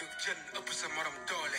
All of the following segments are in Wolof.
dugg jën ëpp sa morom doole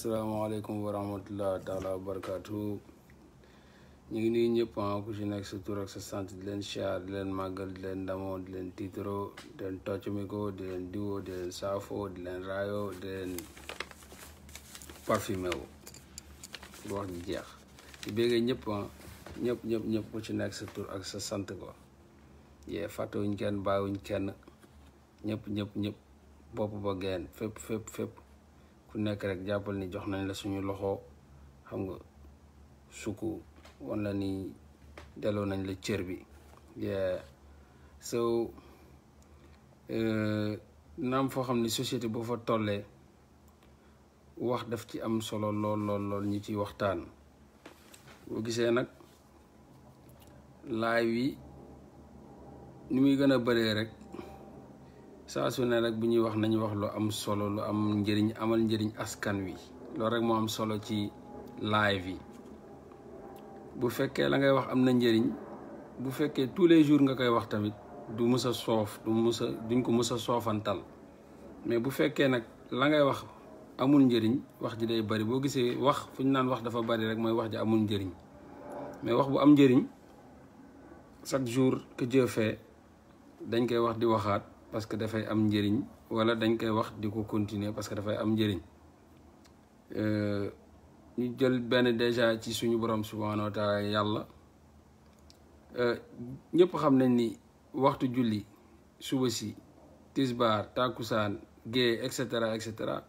asalaamaaleykum wa rahmatulah taala wa barakaatu ñu ngi nuyu ñëpp ah, ku ci nekk sa tur ak sa sant di leen siyaar di leen màggal di leen ndamoo di leen tiitro di leen toccmiko di leen diwo di leen saafo di leen raayo di leen parfumé wu wax ji jeex di béggee ah, ñëpp ñëpp ñëpp ku ci nekk sa tur ak sa sant ko yee fàttewuñ kenn bàyyiwuñ kenn ñëpp ñëpp ñëpp bopp ba geen fépp fépp fépp ku nekk rek jàppal ni jox nañ la suñu loxo xam nga sukk wan na ni delloo nañ la cër bi yeah so eh, naam foo xam ne société boo fa tollee wax daf ci am solo lool lool lool ñu ciy waxtaan boo gisee nag laay wi ni muy gën a bëree rek saa su ne rek bu ñuy wax nañu wax lu am solo lu am njëriñ amal njëriñ askan wi loolu rek mo am solo ci live yi bu fekkee la ngay wax am na njëriñ bu fekkee tous les jours nga koy wax tamit du mus a soof du mus duñ ko mus a mais bu fekkee nag la ngay wax amul njëriñ wax ji day bari boo gisee wax fu ñu wax dafa bari rek mooy wax ji amul njëriñ mais wax bu am njëriñ chaque jour que Dieu fait dañ koy wax di waxaat parce que fay am njeriñ wala dañ koy wax di continuer parce que fay am euh ñu jël ben déjà ci suñu borom subhanahu wa taala euh ñepp xam nañ ni waxtu julli suba ci tisbar takusan ge et cetera et cetera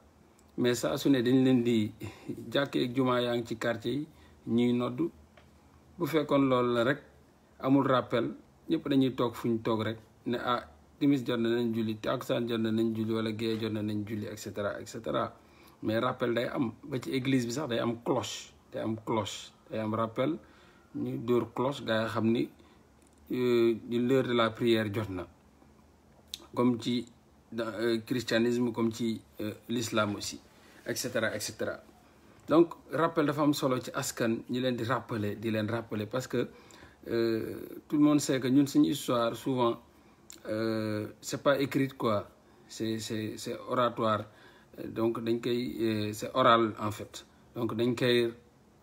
mais sa suné dañ leen di jàkkee ak juma yaa ngi ci quartier yi ñuy nodd bu fekkon lool la rek amul rappel ñepp dañuy tok fu tok rek ne ah timis jonne nañ julli takusaan jot na nañ julli wala gée nañ julli et cetera et cetera mais rappel day am ba ci église bi sax day am cloche day am cloche day am rappel ñu dóor cloche gaa xamni euh ni l'heure de la prière jotna comme ci euh, christianisme comme ci euh, l'islam aussi et cetera et cetera donc rappel dafa am solo ci askan ñi leen di rappeler di leen rappeler parce que euh, tout le monde sait que ñun une histoire souvent euh, c'est pas écrite quoi c'est c'est c'est oratoire donc dañ euh, c'est oral en fait donc dañ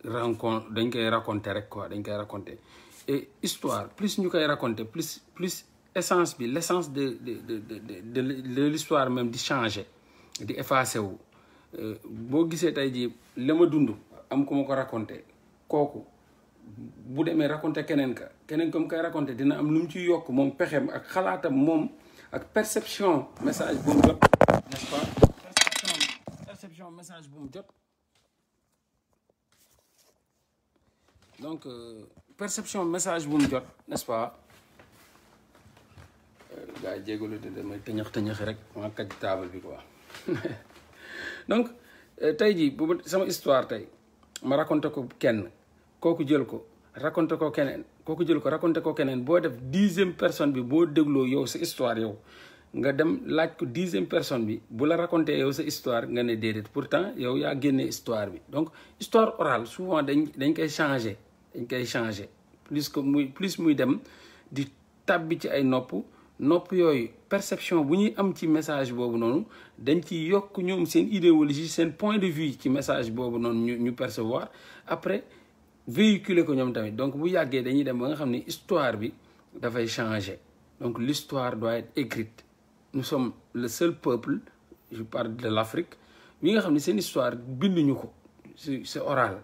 rencontre raconter rek quoi dañ raconter et histoire plus ñu qu'elle raconter plus plus essence bi l'essence de de de de de l'histoire même di changer di effacer wu euh, boo gisee tey jii la ma dund am ku ma raconter kooku bu demee raconter kenen ka kenen comme kay raconter dina am num ci yok mom pexem ak mom ak perception message n'est-ce pas perception message bu donc perception message bu euh, n'est-ce pas euh, rek table quoi donc euh, histoire tay ma raconter ko kooku jël ko raconté ko keneen kooku jël ko raconté ko keneen boo def dixième personne bi boo dégloo yow sa histoire yow nga dem laaj ko dixième personne bi bu la raconté yow sa histoire nga ne déedéet pourtant yow yaa génne histoire bi donc histoire orale souvent dañ dañ koy changé dañ koy changé plus que muy plus muy dem di tabbi ci ay nopp nopp yooyu perception bu ñuy am ci message boobu noonu dañ ci yokk ñoom seen idéologie seen point de vue ci message boobu noonu ñu ñu percevoir après véhiculer ko ñoom tamit donc bu yàggee dañuy dem ba nga xamni histoire bi fay changer donc l'histoire doit être écrite nous sommes le seul peuple je parle de l'Afrique qui nga xamni seen histoire binduñu ko c'est oral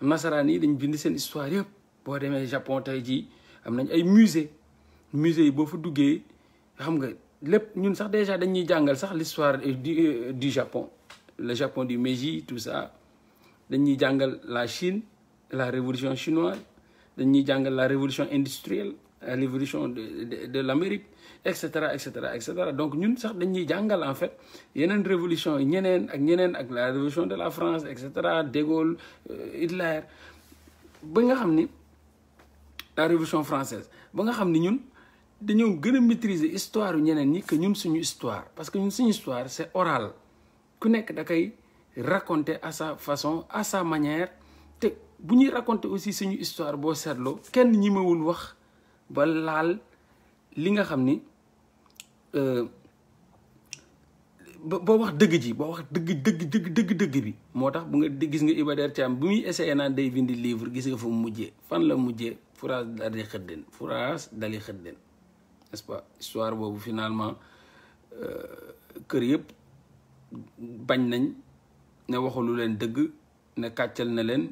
nasaraan yi dañ bind seen histoire yëpp bo demee Japon tay jii am nañ ay musée musée bo boo fa duggee xam nga lepp ñun sax déjà dañuy jàngal sax l'histoire du euh, du Japon le Japon du Meiji tout ça dañuy jàngal la Chine la révolution chinoise la révolution industrielle la révolution de de de l'Amérique etc. etc. donc nous, sax en fait nous, révolution ak la révolution de la France etc. de Gaulle euh, Hitler ba nga la révolution française ba nga xam ñun maîtriser l'histoire, que nous que nous suñu histoire parce que ñun suñu histoire c'est oral ku nekk da raconter à sa façon à sa manière. bu ñuy raconter aussi suñu histoire boo seetloo kenn ñi mawul wax ba laal li nga xam ni euh, ba boo wax dëgg ji boo wax dëgg dëgg dëgg dëgg dëgg bi moo tax bu nga gis nga Iba Der Thiam bu muy essayé naan day bindi livre gis nga fa mu mujjee fan la mujjee furaas dali xëddeen furaas dali xëddeen n'est-ce pas histoire boobu finalement euh, kër yëpp bañ nañ ne waxu leen dëgg ne kàccal na leen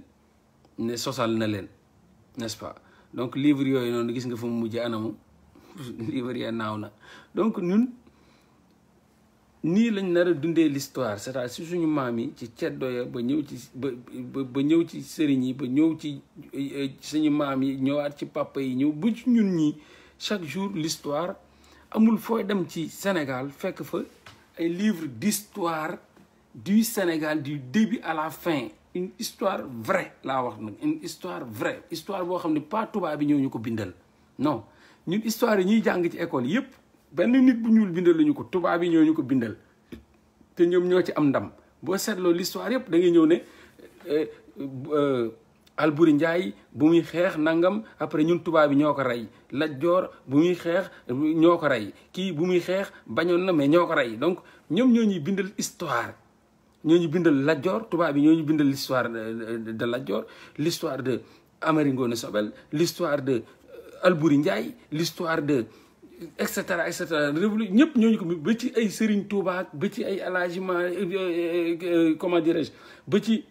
ne sosal n'est-ce pas donc livre yooyu noonu gis nga livre ya donc nous ni lañ l'histoire c'est-à-dire si suñu que ci ceddo ba ñëw ci ba ci ba papa chaque jour l'histoire amul nous dem ci Sénégal fekk fa ay livre d'histoire du Sénégal du début à la fin une histoire vraie laa wax nag une histoire vraie histoire boo xam ne pas tubaab bi ñëw ñu ko bindal non ñun histoire yi ñuy jàng ci école yëpp benn nit bu ñuul bindal lañu ko tubaab yi ñëw ñu ko bindal te ñoom ñoo ci am ndam boo seetloo l'histoire yëpp da ngay ñëw ne euh, euh, Alburi Njaay bu muy xeex nangam après ñun tubaab yi ñoo ko rey Lat Joor bu muy xeex ñoo ko rey kii bu muy xeex bañoon na mais ñoo ko rey donc ñoom ñoo ñuy bindal histoire ñoñu bindal Lat Joor tubaab bi ñoñu bindal l'histoire de Lat l'histoire de Amari ne Sobel l'histoire de euh, Alburi Njaay l'histoire de etc etc et cetera révolu ko ba ci ay Serigne Touba ba ci ay alagement euh, euh, comment dirais-je ba ci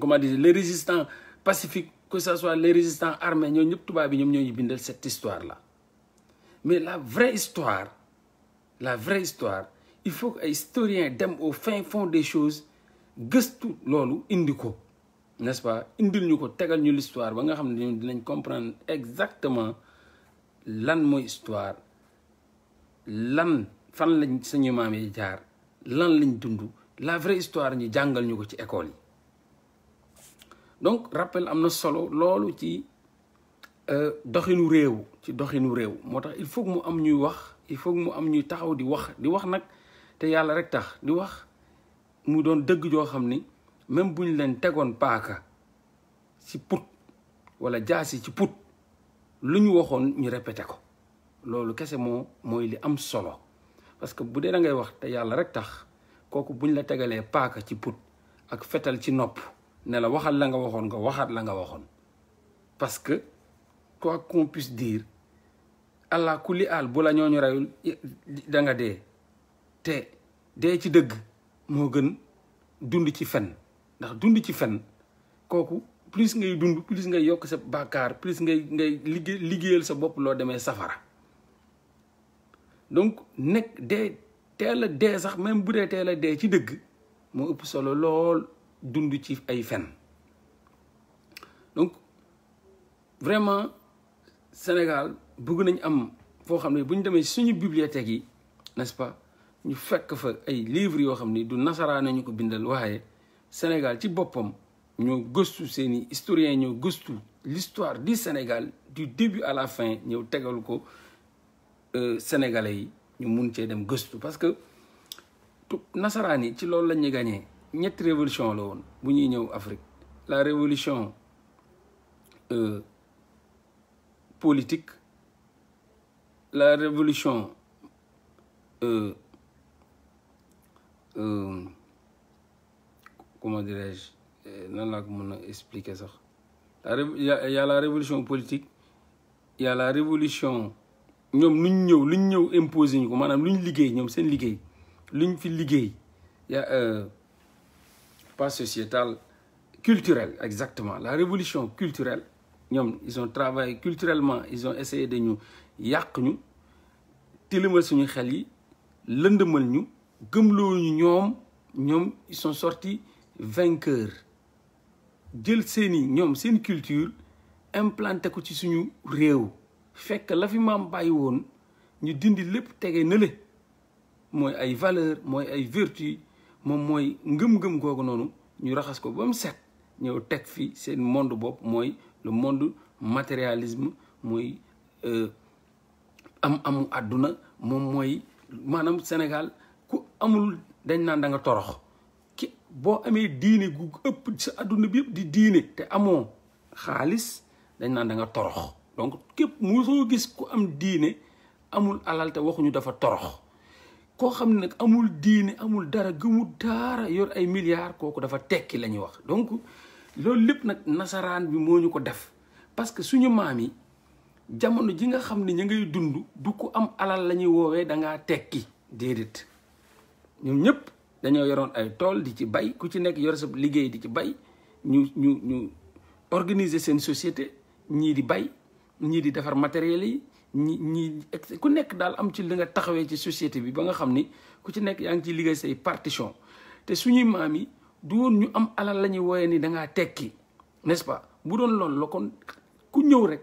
comment dire les résistants pacifiques que ce soit les résistants armés ñoo ñep touba bi ñom ñoñu bindal cette histoire là mais la vraie histoire la vraie histoire il faut que historien dem au fin fond des choses gëstu lolu indiko. n'est-ce pas indil ñuko tégal ñu l'histoire ba nga xamni dinañ comprendre exactement lan moy histoire lan fan lañ suñu maam yi jaar lan lañ dund la vraie histoire ñu jangal ñuko ci école yi donc rappel amna solo lolu ci euh, doxinu réew ci doxinu réew Motax il faut mu am ñuy wax il faut mu am ñuy taxaw di wax di wax nag te yàlla rek tax di wax mu doon dëgg joo xam ni même bu ñu leen tegoon paaka ci put wala jaasi ci put lu ñu waxoon ñu répété ko loolu kese moo mooy li am solo parce que bu dee da ngay wax te yàlla rek tax kooku buñ la tegalee paaka ci put ak fetal ci nopp ne la waxal la nga waxoon nga waxaat la nga waxoon parce que quoi qu'on allah kulli àll bu la ñooñu reyul da dee te dee ci dëgg moo gën dund ci fen ndax dund ci fen kooku plus ngay dund plus ngay yokk sa bàkkaar plus ngay ngay liggéey liggéeyal sa bopp loo demee safara donc nekk dee teel a dee sax même bu dee teel a dee ci dëgg moo ëpp solo lool dund ci ay fen donc vraiment Sénégal bëgg nañ am foo xam ne bu ñu demee suñu bibliothèque yi n'est-ce pas ñu fekk fa ay livres yoo xam du Nasara, nañu ko bindal waaye Sénégal ci boppam ñoo gëstu seeni historiens ñoo gëstu l'histoire du Sénégal du début à la fin ñëw tegal ko euh, Sénégalais yi ñu mun cee dem gëstu parce que nasaraan yi ci loolu la ñuy gagné ñetti révolution la woon bu ñuy ñëw Afrique la révolution euh, politique la révolution euh, euh, comment dirais-je euh, non là comment expliquer ça il y a la révolution politique il y a la révolution ñom ñu ñëw nous ñëw imposer ñu ko maanaam luñ liggéey ñom seen liggéey luñ fi Il y a euh, pas sociétal culturel exactement la révolution culturelle ñom ils ont travaillé culturellement ils ont essayé de nous yak ñu Tile mwen sou yon khali, lende mwen nou, gom lou yon nyom, nyom yon son sorti venkèr. Dèl sèni, nyom sèni kultur, en plan te kouti sou yon reyo. Fèk ke lavi mwen bay yon, nyon din di lèp te gen lè, mwen ay valeur, mwen ay vertu, mwen mwen yon gom gom gwa konon nou, nyon rakas kòp wèm sèk, nyon tek fi sèni moun do bop, mwen yon moun do materialism, mwen euh, yon... am amu àdduna moom mooy maanaam Sénégal ku amul dañ naan da nga torox ki boo amee diine gu ëpp sa àdduna bi yëpp di diine te amoo xaalis dañ naan da nga torox donc képp mosoo gis ku am diine amul alal waxuñu dafa torox koo xam ne amul diine amul dara gëmul daara yor ay milliards kooku dafa tekki la ñuy wax donc loolu lépp nag nasaraan bi moo ñu ko def parce que suñu maam yi jamono ji nga xam ne ñu ngay dund du ku am alal la ñuy woowee dangaa tekki déedéet ñoom ñëpp dañoo yoroon ay tool di ci bay ku ci nekk yor sa liggéey di ci bay ñu ñu ñu organiser seen société ñii di bay ñii di defar matériel yi ñi ñii ku nekk daal am ci li nga taxawee ci société bi ba nga xam ni ku ci nekk yaa ngi ciy liggéey say partition te suñuy maam yi du woon ñu am alal la ñuy woowee ni da ngaa tekki nest pa bu doon loolu la kon ku ñëw rek.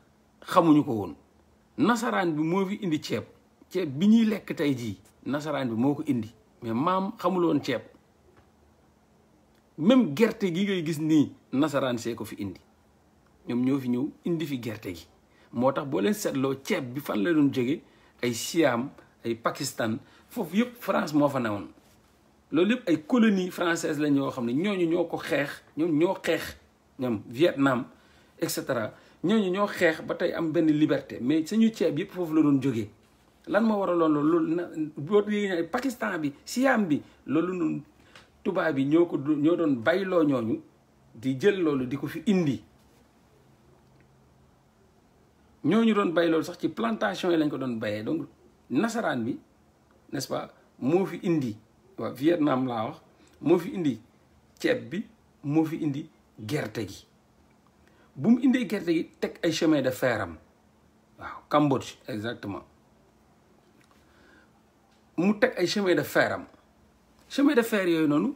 xamuñu ko woon nasaraan bi moo fi indi ceeb ceeb bi ñuy lekk tey jii nasaraan bi moo ko indi mais maam xamuloon ceeb même gerte gi ngay gis nii nasaraan see ko fi indi ñoom ñoo fi ñëw indi fi gerte gi moo tax boo leen seetloo ceeb bi fan la doon jóge ay Siam ay Pakistan foofu yëpp France moo fa newoon loolu yëpp ay colonie française la ñoo xam ne ñooñu ñoo ko xeex ñoom ñoo xeex ñoom Vietnam et cetera ñooñu ñoo xeex ba tey am benn liberté mais suñu ceeb yëpp foofu la doon jógee lan moo waraloon loolu na boo déggee Pakistan bi Siam bi loolu tubaab yi ñoo ko ñoo doon bayloo ñooñu di jël loolu di ko fi indi. ñooñu doon bay sax ci plantation yi lañ ko doon bayee donc nasaraan bi n'est-ce moo fi indi waaw Vietnam laa wax moo fi indi ceeb bi moo fi indi gerte gi. bu mu indee gerte gi teg ay chemin de fer am waaw Cambodge exactement mu teg ay chemin de fer am chemin de fer yooyu noonu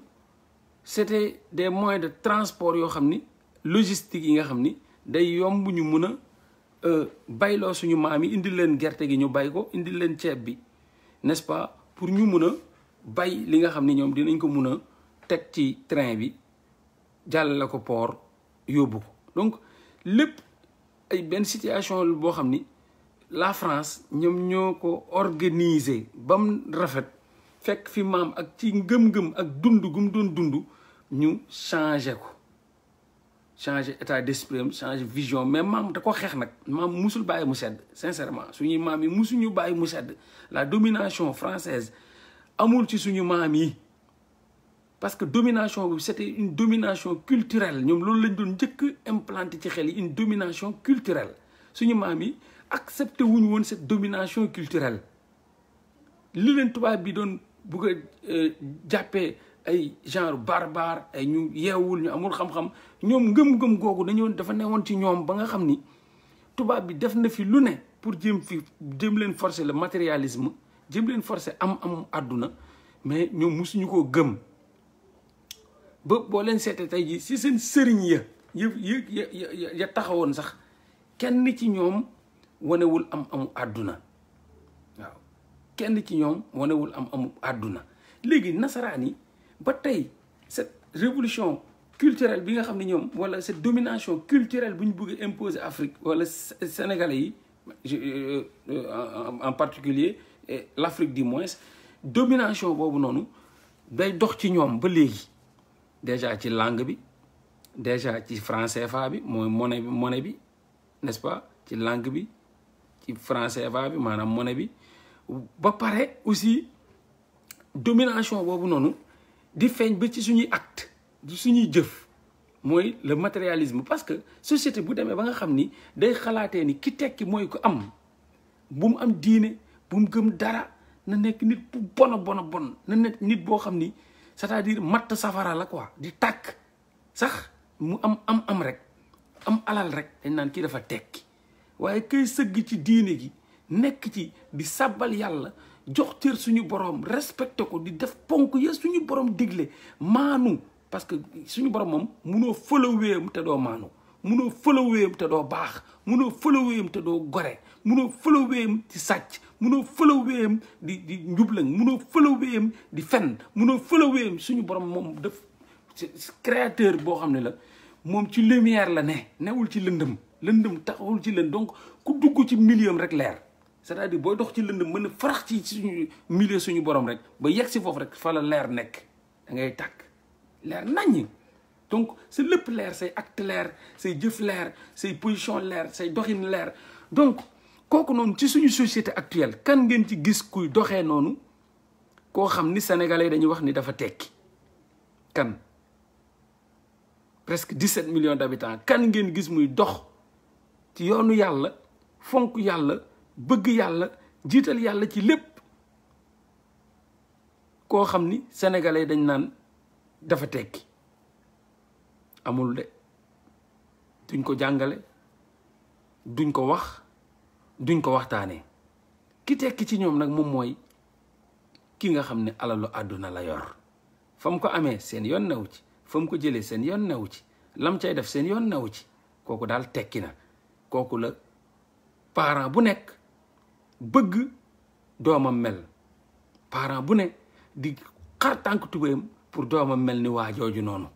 c'était des moyens de transport yoo xam ni logistique yi nga xam ni day yomb ñu mun a euh, bayloo suñu maam yi indil leen gerte gi ñu bay ko indil leen ceeb bi n'est-ce pas pour ñu mun a bay li nga xam ni ñoom dinañ ko mun a teg ci train bi jàll la ko port yóbbu ko lépp ay benn situation boo xam ni la France ñoom ñoo ko organiser ba mu rafet fekk fi maam ak ci ngëm-ngëm ak dund gu mu doon ñu changé ko changé état d'esprit am changé vision mais maam da ko xeex nag maam musul bàyyi mu sedd sincèrement suñuy maam yi musuñu bàyyi mu sedd la domination française amul ci suñu maam yi parce que domination c'était une domination culturelle nous loolu lañ doon njëkk implanté ci une domination culturelle suñu maam yi accepté wuñu woon cette domination culturelle li leen tubaab bi doon bugg a euh, ay genre barbare ay ñu yeewul ñu amul xam-xam ñom ngëm-ngëm googu dañu dafa newoon ci ñom ba nga xam ni tubaab bi def na fi lu ne pour jëm fi jëm leen forcer le matérialisme jëm leen forcer am am aduna mais ñom musuñu koo gëm ba boo leen seetee tey jii si seen sëriñ ya ya ya ya taxawoon sax kenn ci ñoom wanewul am amu àdduna waaw kenn ci ñoom wanewul am amu àdduna léegi nasaraan yi ba tey cette révolution culturelle bi nga xam ne ñoom wala cette domination culturelle bu ñu bëgg a imposer Afrique wala Sénégalais yi euh, en particulier l'Afrique du moins domination boobu noonu day dox ci ñoom ba léegi déjà ci langue bi déjà ci français fa bi moy monnaie bi monnaie bi n'est-ce pas ci langue bi ci français fa bi manam monnaie bi ba paré aussi domination bobu nonou di feeñ ba ci suñu acte du suñu jëf moy le matérialisme parce que société bu démé ba nga xamni ni day xalaatee ni ki tekki moy ko am bu mu am diiné bu mu gëm dara na nek nit bu bona bona bonne na nekk nit bo xamni c'est-à-dire matt safara la quoi di tàkk sax mu am am am rek am alal rek dañ naan kii dafa tekki waaye kay sëgg ci diine gi nekk ci di sàbbal yàlla jox cër suñu borom respecté ko di def ponk ya suñu borom digle maanu parce que suñu borom moom munoo fëla wéyam te doo maanu munoo fëla wéyam te doo baax munoo fëla wéyam te doo gore munoo fëlaw wéyam sàcc munoo fëlaw wéyam di di njublañ munoo fëlaw di fen munoo fëlaw wéyam suñu borom moom def créateur boo xam ne la moom ci lumière la ne newul ci lëndëm lëndëm taxawul ci lënd donc ku dugg ci milieu rek leer c'est-à-dire dox ci lëndëm mën a farax ci suñu milieu suñu borom rek ba yegg si foofu rek fa la leer nekk da ngay tàkk leer naññ donc sa lépp leer say acte leer say jëf leer say position leer say doxin leer donc kooku noonu ci suñu société actuelle kan ngeen ci gis kuy doxee noonu koo xam ni sénégalais dañuy wax ni dafa tekki kan presque 17 millions d'habitants kan ngeen gis muy dox ci yoonu yàlla fonk yàlla bëgg yàlla jiital yàlla ci lépp koo xam ni sénégalais dañ naan dafa tekki amul de duñ ko jàngale duñ ko wax duñ ko waxtaanee ki tekki ci ñoom nag moom mooy ki nga xam ne alalu àdduna la yor fa mu ko amee seen yoon new ci fa mu ko jëlee seen yoon newu ci lam cay def seen yoon newu ci kooku daal tekki na kooku la parent bu nekk bëgg doomam mel parent bu ne di xar tànk tubéyam pour doomam mel ni waa jooju noonu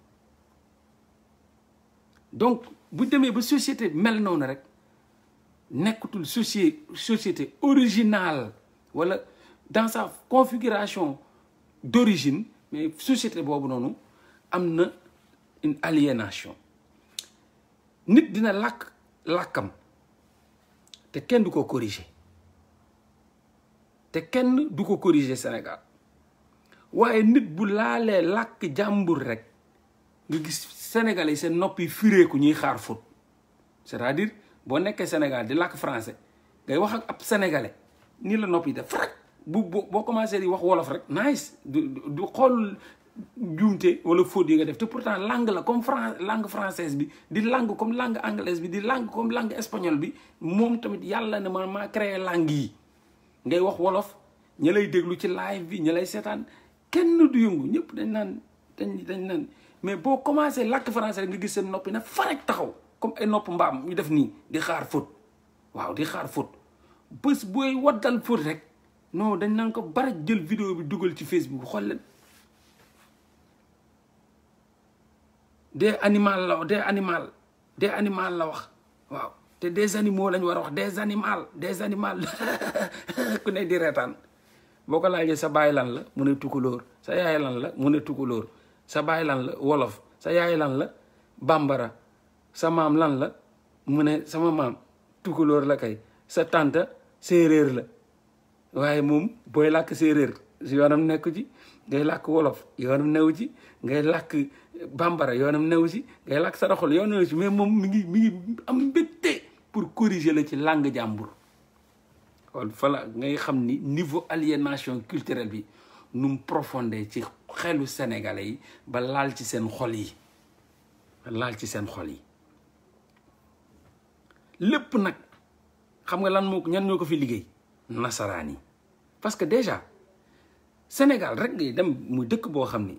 donc bu demee ba société mel noonu rek nekkatul société société originale wala dans sa configuration d'origine mais société bobu nonou nous, une aliénation nit dina lak lakam te kenn du corriger te kenn du corriger Sénégal waye nit bu laalee lak jambour rek nga gis sénégalais plus noppi ko ñi xaar fóot c'est-à-dire bo nekké Sénégal di lak français ngay wax ak ab sénégalais ni la nopi def frak bu bo commencé di wax wolof rek nice du du djunte wala faute yi nga def te pourtant langue la comme fran langue française bi di langue comme langue anglaise bi di langue comme langue espagnol bi mom tamit yalla ne ma ma créer langue yi ngay wax wolof ñalay déglu ci live bi ñalay sétane kenn du yëngu ñëpp dañ nan dañ dañ nan mais bo commencé lak français rek nga gis seen noppi na farek taxaw comme ay nopp mbaam ñu def nii di xaar faute waaw di xaar faute bés booy waddal faute rek non dañ naan ko bara jël vidéo bi dugal ci Facebook xol leen des animal la des animal des animal la wax waaw te des animaux lañ war a wax des animal des animal ku ne di reetaan boo ko laajee sa baay lan la mu ne tukulóor sa yaay lan la mu ne tukulóor sa baay lan la wolof sa yaay lan la bàmbara sa maam lan la mu ne sama maam tukulóor la kay sa tante séeréer la waaye moom booy làkk séeréer yoonam nekk ci ngay làkk wolof yoonam newu ci ngay làkk bambara yoonam newu ci ngay làkk saraxol yoonam newu ci mais moom mi ngi mi ngi am mbégte pour corriger la ci langue jàmbur wal fala ngay xam ni niveau aliénation culturelle bi nu mu profondé ci xelu sénégalais yi ba laal ci seen xol yi ba laal ci seen xol yi lepp nak xam nga lan mo ñan ñoko fi liggey nasaraan parce que déjà Sénégal rek ngay dem muy dëkk bo xamni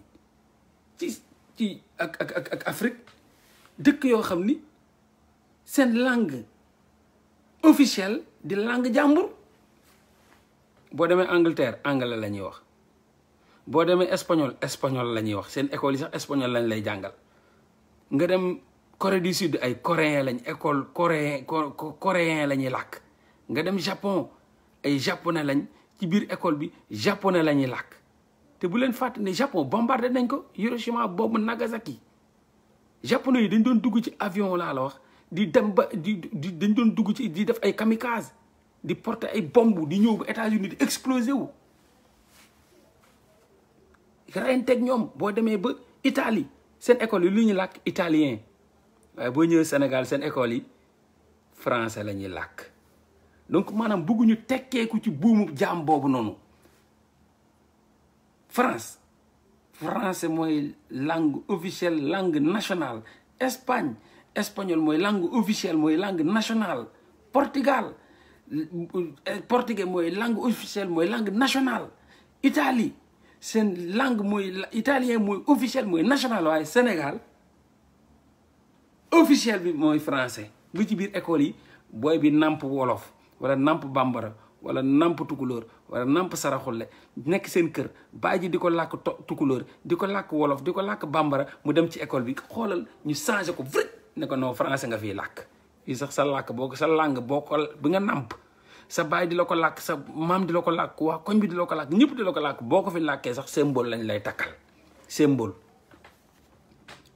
ci ci ak ak ak Afrique dëkk yo xamni sen langue officielle di langue jambur, bo démé Angleterre anglais lañuy wax bo démé espagnol espagnol lañuy wax sen école sax espagnol lañ lay jangal nga dem Corée du Sud ay coréen lañ école coréen coréen la ñuy làkk nga dem Japon ay japonais lañ ci biir école bi japonais la ñuy làkk te bu leen fàtte Japon bombardé nañ ko Hiroshima boobu Nagasaki japonais yi dañ doon dugg ci avion laa la wax di dem ba di dañ doon dugg ci di def ay kamikaze di porte ay bomb di ñëw ba États-Unis di explosé wu rayanteeg ñoom boo demee ba itali seen école yi lu ñu làkk italien waaye euh, boo ñëwee Sénégal seen école yi français la ñuy làkk donc maanaam bëgguñu tekkeeku ci buumu jaam boobu noonu France français mooy langue officielle langue nationale Espagne espagnol mooy langue officielle mooy langue nationale Portugal euh, portugais mooy langue officielle mooy langue nationale Italie seen langue mooy italien mooy officielle langue nationale waaye Sénégal officiel bi mooy français bu ci biir école yi booy bi nàmp wolof wala namp bambara wala namp tukulóor wala namp saraxule nekk seen kër baa ji di ko làkk tukulóor di ko làkk wolof di ko làkk bambara mu dem ci école bi xoolal ñu changé ko vrai ne ko non français nga fiy làkk fii sax sa làkk boo ko sa langue boo ko bi nga nàmp sa baay di la ko làkk sa maam di la ko làkk waa koñ bi di la ko làkk ñëpp di la ko làkk boo ko fi làkkee sax symbole lañ lay takkal symbole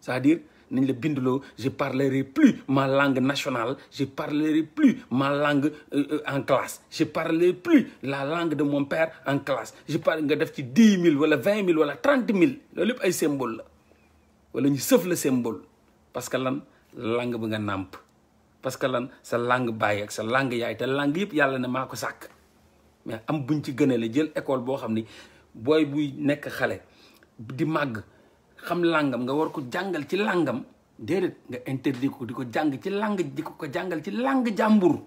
cest Je ne je parlerai plus ma langue nationale je parlerai plus ma langue euh, euh, en classe je parlerai plus la langue de mon père en classe je parle de 10 000, 20 20 wala 000 wala c'est symbole la wala sauf le symbole parce que langue nga parce que sa langue baay sa langue yaay te langue yalla ne mako ko mais am buñ ci jël école di xam langam nga war ko jangal ci langam déedéet nga interdit ko diko jang ci lang diko ko jangal ci lang jambour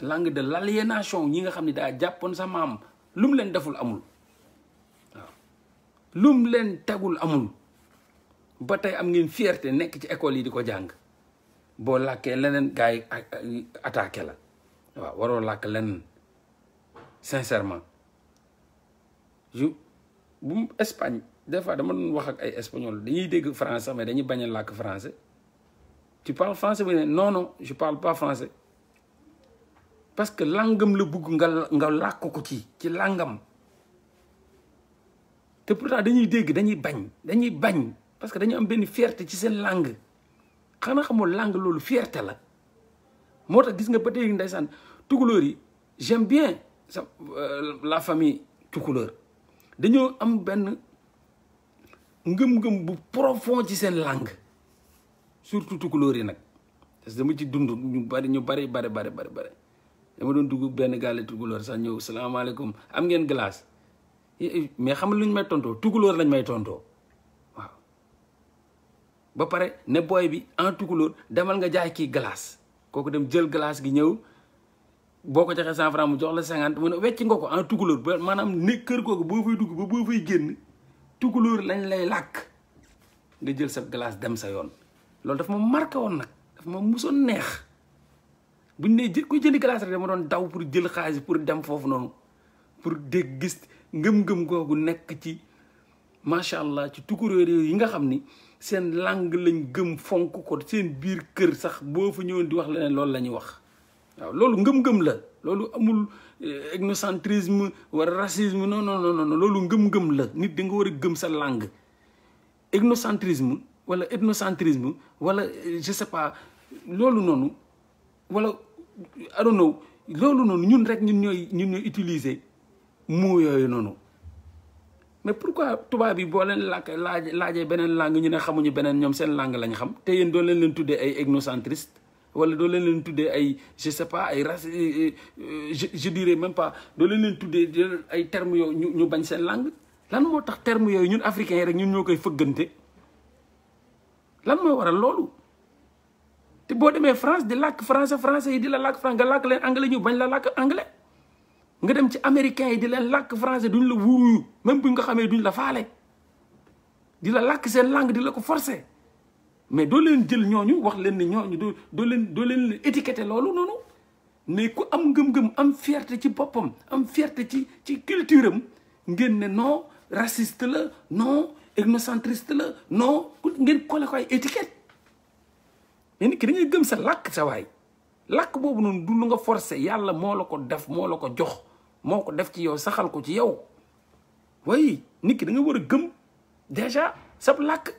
lang de l'aliénation ñi nga xamni da japon sa mam lum leen deful amul lumlen lum leen tagul amul batay am ngeen fierté nek ci école yi diko ko bo laké lenen leneen gars attaqué la wa waro lak len sincèrement je bu Espagne des fois dama doon wax ak ay espagnol dañuy dégg français mais dañuy bañ a français tu parles français mu non non je parle pas français parce que langam le bugg nga nga làkk ko ci ci langam te pourtant dañuy dégg dañuy bañ dañuy bañ parce que dañu am ben fierté ci sen langue xana xamul langue loolu fierté la motax gis nga ba tey ndeysaan tu yi j'aime bien euh, la famille tukulóor dañu am ben ngëm-ngëm bu profond ci seen langue surtout tukulóor yi nag parce que dama ci dund ñu bari ñu bari bari bari bari bari dama doon benn gaale tukulóor sax ñëw salaamaaleykum am ngeen glace eh, eh, mais xam luñ may tontoo tukulóor lañ may tontoo ba pare ne booy bi en tukulóor demal nga jaay kii glace kooku dem jël glace gi ñëw boo ko joxee cent franc mu jox la cinquante mu ne wecc nga ko en tukulóor ba maanaam ne kër googu boo fay dugg ba boo fay génn tukulóor lañ lay làkk nga jël sa glace dem sa yoon loolu dafa ma marqué woon nag dafa ma musoon neex buñ ne jël koy jëndi glace rek dama doon daw pour jël xaalis pour dem foofu noonu pour dégg gis ngëm-ngëm googu nekk ci macha allah ci tukulóor yi nga xam ni seen langue lañ gëm fonk ko seen biir kër sax boo fa ñëwoon di wax leneen loolu lañuy wax waaw loolu ngëm-ngëm la loolu amul Euh, ethnocentrisme wala racisme no non non non loolu ngëm-ngëm la nit da nga war a gëm sa langue. ethnocentrisme wala ethnocentrisme wala euh, je sais pas loolu noonu wala I don't know loolu noonu ñun rek ñun ñooy ñun ñooy utiliser mots yooyu noonu. mais pourquoi tubaab bi boo leen làkk laaj laajee beneen langue ñu ne xamuñu beneen ñoom seen langue lañ xam te yéen doo leen leen tuddee ay ethnocentriste wala les je sais pas ay euh, euh, euh, je dirais même pas doo leen leen tuddee ay termes langue lan moo termes ñun africains rek ñun lan loolu France di français français yi di la anglais ñu bañ la anglais nga dem ci américains yi di français la même si vous avez la faale di la làkk langue di la ko forcé. mais doo leen jël ñooñu wax leen ni ñooñu doo doo leen doo leen étiqueté loolu noonu mais ku am ngëm-ngëm am fierte ci boppam am fierte ci ci culture am ngeen ne non raciste la non ethnocentriste la non ngeen collé ko ay étiquette mais nit ki dañuy gëm sa lakk sa waay làkk boobu noonu du lu nga forcé yàlla moo la ko def moo la ko jox moo ko def ci yow saxal ko ci yow way nit ki da war a gëm déjà sab làkk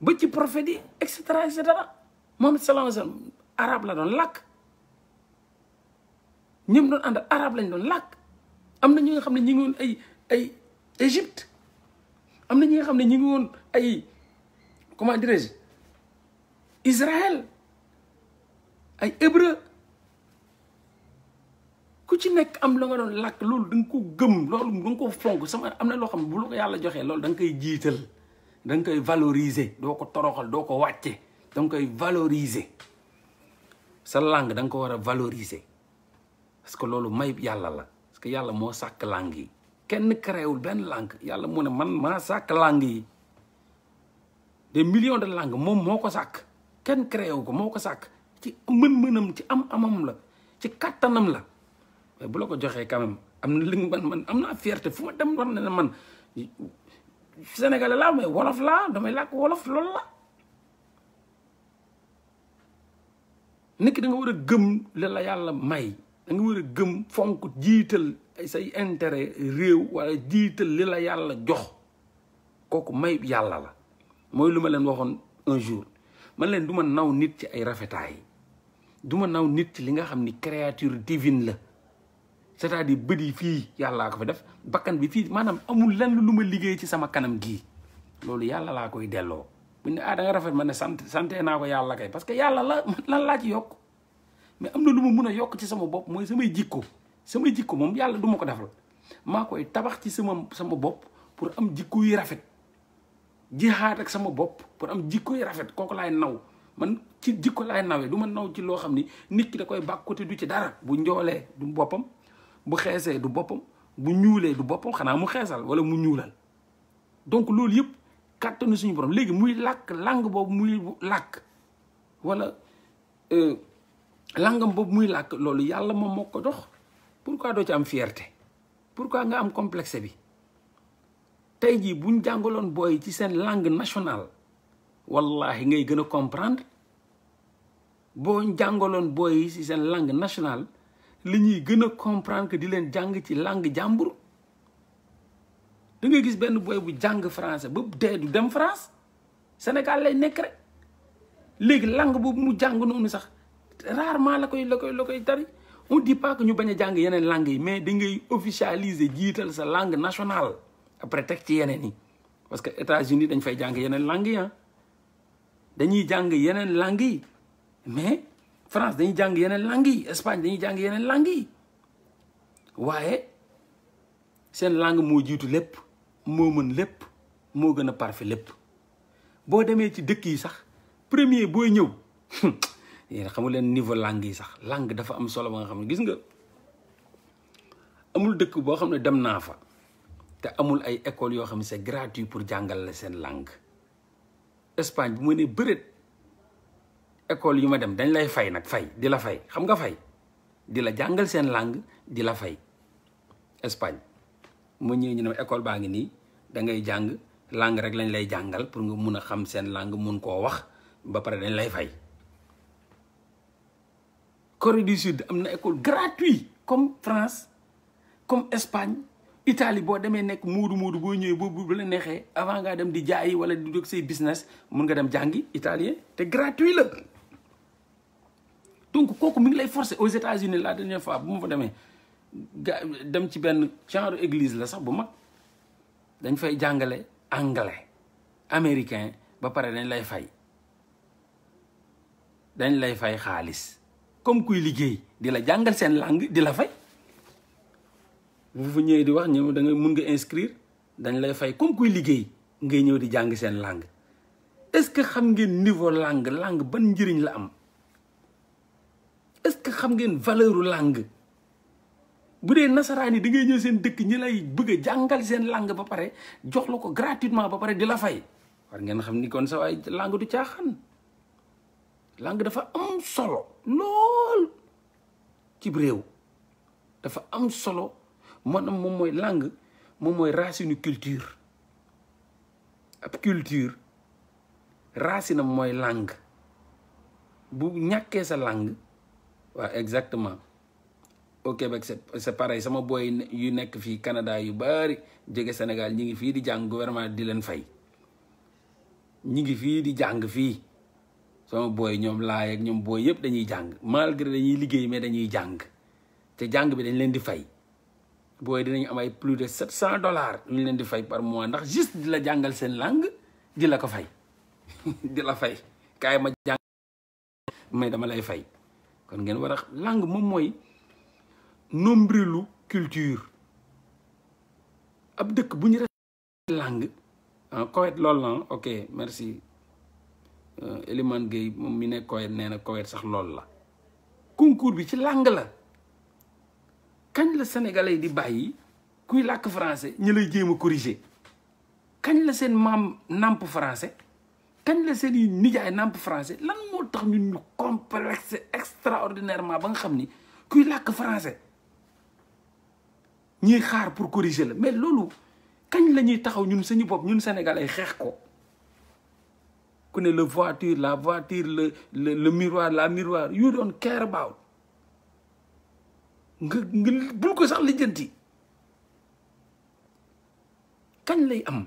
ba ci prophète yi et cetera et cetera moom sallallahu la doon làkk ñoom doon ànd arabe lañ doon làkk am na ñi nga xam ne ñi ngi woon ay ay Égypte am na ñi nga xam ne ñi ngi woon ay comment dirais-je Israël ay hébreu ku ci nekk am la nga doon làkk loolu da nga ko gëm loolu da nga ko fonk sama am na loo xam ne bu la ko yàlla joxee loolu da nga koy jiital dang koy valoriser doo ko toroxal doo ko wàcce da koy valoriser sa langue dang ko wara valoriser parce que lolu may yalla la parce que yalla mo sak langue kenn créewul ben langue yalla mo ne man ma sak langue des millions de langues mom moko sak kenn créewu ko moko sak ci mën-mënam ci am-amam la ci katanam la bu lako ko quand même am ling man man am fierté fu dem war na man sénégalais laa mais wolof laa damay làkk wolof loolu la nit ki da nga war a gëm li la may da nga war a gëm fonk jiital say intérêt réew wala jiital li la yàlla jox kooku may yàlla la mooy lu ma leen waxoon un jour man leen du ma naw nit ci ay rafetaay duma ma naw nit ci li nga xam ni créature divine la c'est-à-dire bët yi fii yàllaa ko fa def bakkan bi fii maanaam amul lenn lu ma liggéey ci sama kanam gii loolu yàlla laa koy delloo bu ne ah da rafet man ne sant sante naa ko yàlla kay parce que yàlla la lan laa ci yokk mais am na lu ma mun a yokk ci sama bopp mooy samay jikko samay jikko moom yàlla du ma ko defal maa koy tabax ci sama sama bopp pour am jikko yu rafet jihaat ak sama bopp pour am jikko yu rafet kooku laay naw man ci jikko laay nawee du ma naw ci loo xam ni nit ki da koy bàkk côté du ci dara bu njoolee du boppam bu xeesee du boppam bu ñuulee du boppam xanaa mu xeesal wala mu ñuulal donc loolu yëpp kàttanu suñu borom léegi muy lakk lang boobu muy lakk wala euh, langam boobu muy làkk loolu yàlla moom moo ko dox pour pourquoi doo ci am fierté pourquoi nga am complexe bi tey jii buñ jàngaloon booy ci seen langue nationale wallahi ngay gën a comprendre boo jàngaloon booy ci seen langue nationale li ñuy gën a comprendre di leen jàng ci langue jàmbur da ngay gis benn boy bu jàng français ba dee du dem France Sénégal lay nekk rek léegi langue boobu mu jàng noonu sax rarement la koy la koy la koy tari on dit pas que ñu bañ a jàng yeneen langue yi mais da ngay officialiser jiital sa langue national après teg ci yeneen yi parce que États-Unis dañ fay jàng yeneen langue yi ah dañuy jàng yeneen langue yi France dañuy jàng yeneen lang yi Espagne dañuy jàng yeneen langues yi waaye seen langue moo jiitu lépp moo mën lépp moo gën a parfait lépp boo demee ci dëkk yi sax premier booy ñëw yéen xamu leen niveau langue yi sax langue dafa am solo ba nga xam ne gis nga amul dëkk boo xam ne dem naa fa te amul ay école yoo xam ne c'est gratuit pour jàngal la seen langue Espagne bu ma nee bëreet. école yu ma dem dañ lay fay nag fay di la fay xam nga fay di la jàngal seen langue di la fay Espagne mu ñëw ñu ne école baa ngi nii da ngay jàng langue rek lañ lay jàngal pour nga mun a xam seen langue mun koo wax ba pare dañ lay fay. Corée du Sud am na école gratuite comme France comme Espagne Italie boo demee nekk muudu muudu boo ñëwee boo bu la neexee avant ngaa dem di jaayi wala di dog business mun nga dem jàngi italien te gratuit la. donc kooku mu ngi lay forcer aux États-Unis la dernière fois bu ma fa demee ga dem ci benn genre église la sax bu mag dañ fay jàngale anglais américain ba pare dañ lay fay dañ lay fay xaalis comme kuy liggéey di la jàngal seen langue di la fay bu fa ñëwee di wax ñëw da nga mun nga inscrire dañ lay fay comme kuy liggéey ngay ñëw di jàng seen langue est-ce que xam ngeen niveau langue langue ban njëriñ la am est que xam ngeen valeuru làng bu dee nasaraan yi da ngay ñëw seen dëkk ñi lay bëgg jàngal seen langue ba pare jox la ko gratuitement ba pare di la fay war ngeen xam ni kon sa waay langue du caaxaan langue dafa am solo lool ci réew dafa am solo maanaam moom mooy langue moom mooy racine culture ab culture racine am mooy langue bu ñàkkee sa langue waa exactement au Québec c'est c'est pareil sama booy yu nekk fii Canada yu bari jege Sénégal ñi ngi fii di jàng gouvernement di leen fay ñi ngi fii di jàng fii sama booy ñoom laay ñoom booy yëpp dañuy jàng malgré dañuy liggéey mais dañuy jàng te jàng bi dañ leen di fay booy dinañ am ay plus de sept cent dollars ñu leen di fay par mois ndax juste di la jàngal seen langue di la ko fay di la fay kaay ma jàng mais dama lay fay kon ngeen war langue moom culture ab dëkk bu langue ah, l'ol la ok merci euh, Elimane gay, moom mi ne Koweït nee na sax la concours bi langue la kañ la sénégalais di bàyyi kuy làkk français ñu lay jéem corriger Quand la français Quand la seen nijaay français nous ñun complexe extraordinairement ba nga kuy français xaar pour corriger la mais lolu kañ lañuy taxaw ñun suñu bop ñun sénégalais sommes ko ku sommes voiture la voiture le le miroir la miroir you don't care about nga sommes ko sax jënti kañ lay am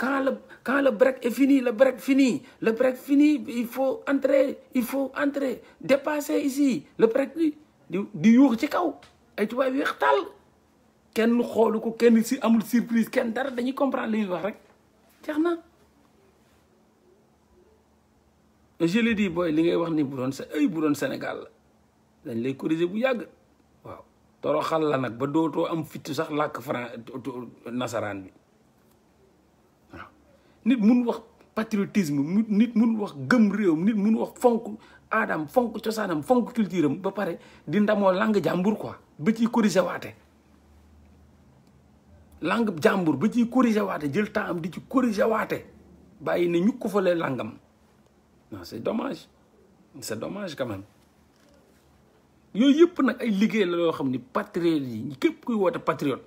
Quand le, quand le break est fini, le break fini, le break fini, il faut entrer, il faut entrer, dépasser ici. Le break, du your ci kaw. Et tu vas weex tal. Kenn xoolu ko kenn si amul surprise kenn dara dañuy comprendre li ñuy wax rek. Jeex na. Je le dis boy li ngay wax ni bu doon sa ay bu doon Sénégal la dañ lay corriger bu yàgg waaw toroxal la nag ba dootoo am fitt sax làkk franc nasaraan bi. nit mun wax patriotisme nit mun wax gëm réew nit mun wax fonk aadam fonk cosaanam fonk culture am ba pare di ndamoo langue jàmbur quoi ba ciy corrigé waate langue jàmbur ba ciy corrigé waate jël temps am di ci corrigé waate bàyyi ne ñu ko falee langam non c'est dommage c'est dommage quand même yooyu yëpp nag ay liggéey la loo xam ni patriote yi képp kuy woote patriote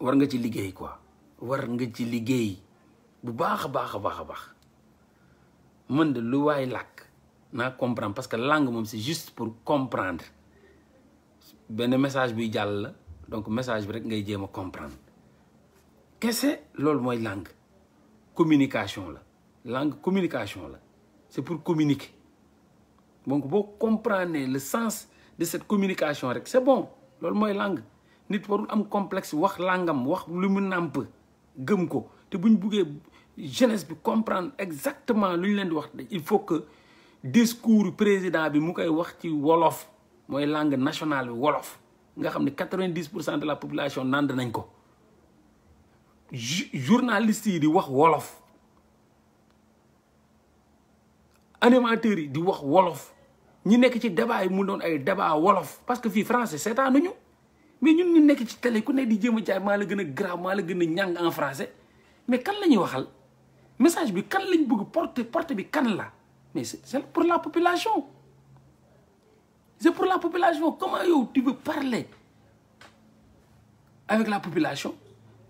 war nga ci liggéey quoi war nga ci liggéey bu parce que langue c'est juste pour comprendre Le message qui est là, donc message bi rek ngay quest quest que langue communication la langue communication la c'est pour communiquer donc vous comprendre le sens de cette communication c'est bon C'est la langue nit am complexe wax langam wax lu te jeunesse bi comprendre exactement luñ leen di wax il faut que discours président bi mu koy wax ci wolof moy langue nationale bi wolof nga xamni 90% de la population nand nañ ko journalistes yi di wax wolof animateurs yi di wax wolof ñi nekk ci débat yi mu doon ay débat wolof parce que fii français seetaanuñu mais ñun ñu nekk ci télé ku ne di jéem jaay maa la gën a grave maa la gën a ñàng en français mais kan la ñuy waxal message bi kan lañ bëgg porter porter bi la mais c'est pour la population c'est pour la population comment tu veux parler avec la population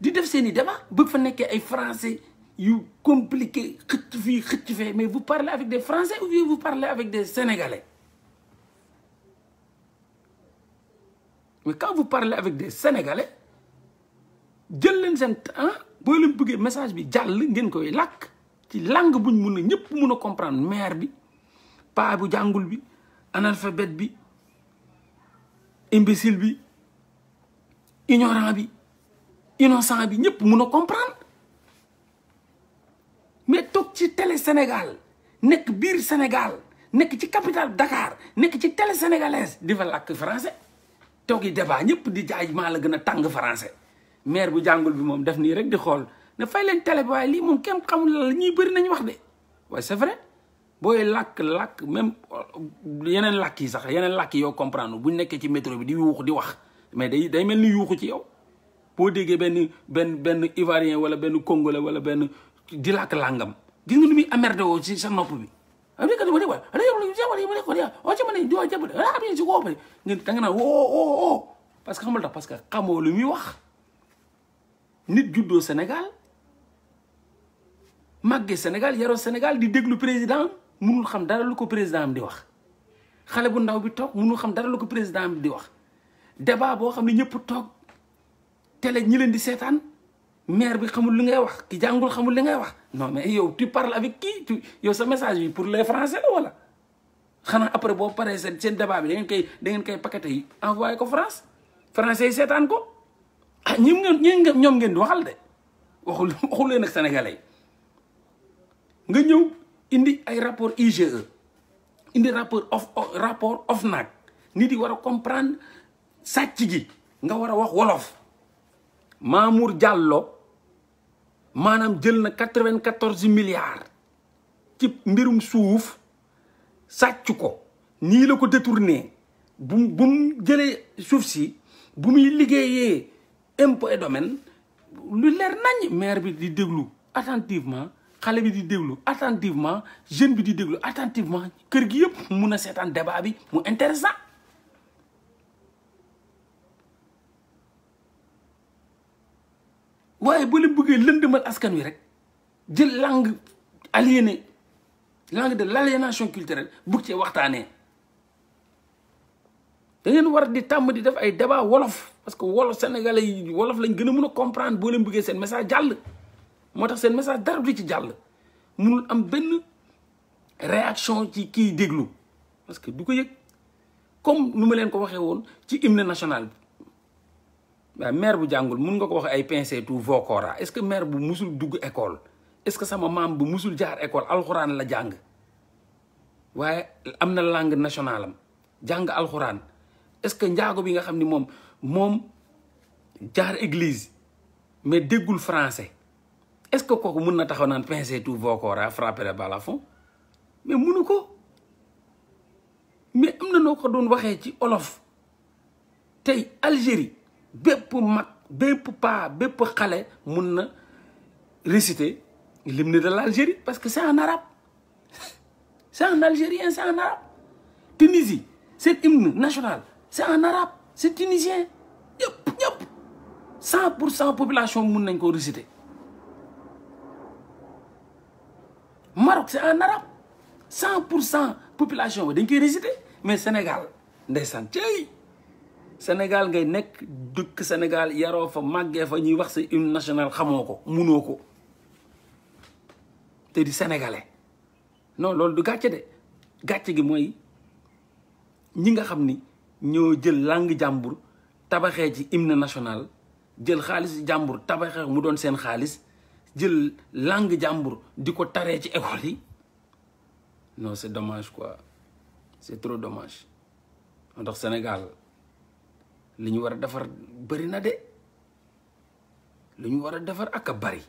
di def seni débat bëgg fa français yu compliqué mais vous parlez avec des français ou vous parlez avec des sénégalais mais quand vous parlez avec des sénégalais jël leen temps Boleh leen bëggee message bi jàll ngeen koy làkk ci langue buñ mun a ñëpp kompran a bi paa bu jàngul bi analfabet bi imbécile bi ignorant bi innocent bi ñëpp muno a comprendre mais toog ci télé Sénégal nekk biir Sénégal nekk ci capital Dakar nek ci télé sénégalaise di fa làkk français toog yi débat ñëpp di jaay maa la gën a tàng français maire bu jàngul bi moom def nii rek di xool ne fay leen télé bi waaye lii moom kenn xamul la ñuy a nañ wax de waaye c'est vrai booy làkk làkk même yeneen lakk yi sax yeneen làkk yoo comprendre buñ nekkee ci métro bi di yuuxu di wax mais day day mel ni yuuxu ci yow boo déggee benn benn benn ivoirien wala benn congolais wala benn di làkk làngam gis nga nu muy amerde woo ci sa nopp bi a dikati wadi wa ada yoblu jabal yoblu ko ya o ci mane a jabal bi ci ko ba ngeen da nga naan woo woo que xamul parce que xamoo lu muy wax nit juddoo Sénégal màgge Sénégal yaroo Sénégal di déglu président munul xam dara lu ko président am di wax xale bu ndaw bi toog munul xam dara lu ko président am di wax débat boo xam ne ñëpp toog télé ñi leen di seetaan maire bi xamul li ngay wax ki jàngul xamul li ngay wax non mais yow tu parles avec qui yow sa message bi pour le français la wala xanaa après boo paree seen seen débat bi da ngeen koy da ngeen koy paqueté yi envoyé ko France français yi seetaan ko ah ñoom ngeen ñoom ngeen di waxal de waxul waxul leen ak sénégalais nga ñëw indi ay rapport IGE indi rapport of rapport OFNAC nit yi war a comprendre sàcc gi nga war a wax wolof Mamour Diallo maanaam jël na quatre-vingt-quatorze milliards ci mbirum suuf sàcc ko nii la ko détourné bu bu jëlee suuf si bu muy liggéeyee impôt et domaine lu leer nañ maire bi di déglu attentivement xale bi di déglu attentivement jeune bi di déglu attentivement kër gi yëpp mun a seetaan débat bi mu intéressant waaye bu leen bëggee lëndëmal askan wi rek jël langue aliénée langue de l'aliénation culturelle bug ci waxtaanee da ngeen war di tàmm di def ay débat wolof parce que wolof sénégalais yi wolof lañ gën a mën a comprendre boo leen bëggee seen message jàll moo tax seen message dara du ci jàll munul am benn réaction ci kii déglu parce que du ko yëg comme nu ma leen ko waxee woon ci ne national bi maire bu jàngul mun nga ko wax ay pincé tout vocora est-ce que maire bu musul dugg école est-ce que sama maam bu musul jaar école alxuraan la jàng waaye am na langue nationale am jàng alxuraan est-ce que Ndiago bi nga xamni mom mom moom jaar église mais dégoul français est-ce que kooku mun na taxaw nan pincez tout vos corps à frapper la fond, mais munu ko mais amna noko noo ko doon waxee ci olof tay Algérie bép mag bép pas, bép xalé mun na réciter l'hymne de l'Algérie parce que c'est en arabe c'est en algérien c'est en arabe Tunisie c'est hymne national c'est en arabe c'est tunisien yop yop, 100% population mun nañ Maroc c'est en arabe 100% population bi dañ koy réciter mais Sénégal descend. cey Sénégal ngay nek dëkk Sénégal yaro fa magge fa ñuy wax c'est une national xamoo ko T'es du sénégalais non loolu du gàcce de gatche gi mooy ñi nga ñoo jël langue jambour tabaxé ci hymne national jël xaalis jambour tabaxé mu doon seen xaalis jël langue jambour di taré ci école yi non c'est dommage quoi c'est trop dommage ndax Sénégal liñu wara défar bari na dé liñu wara défar ak bari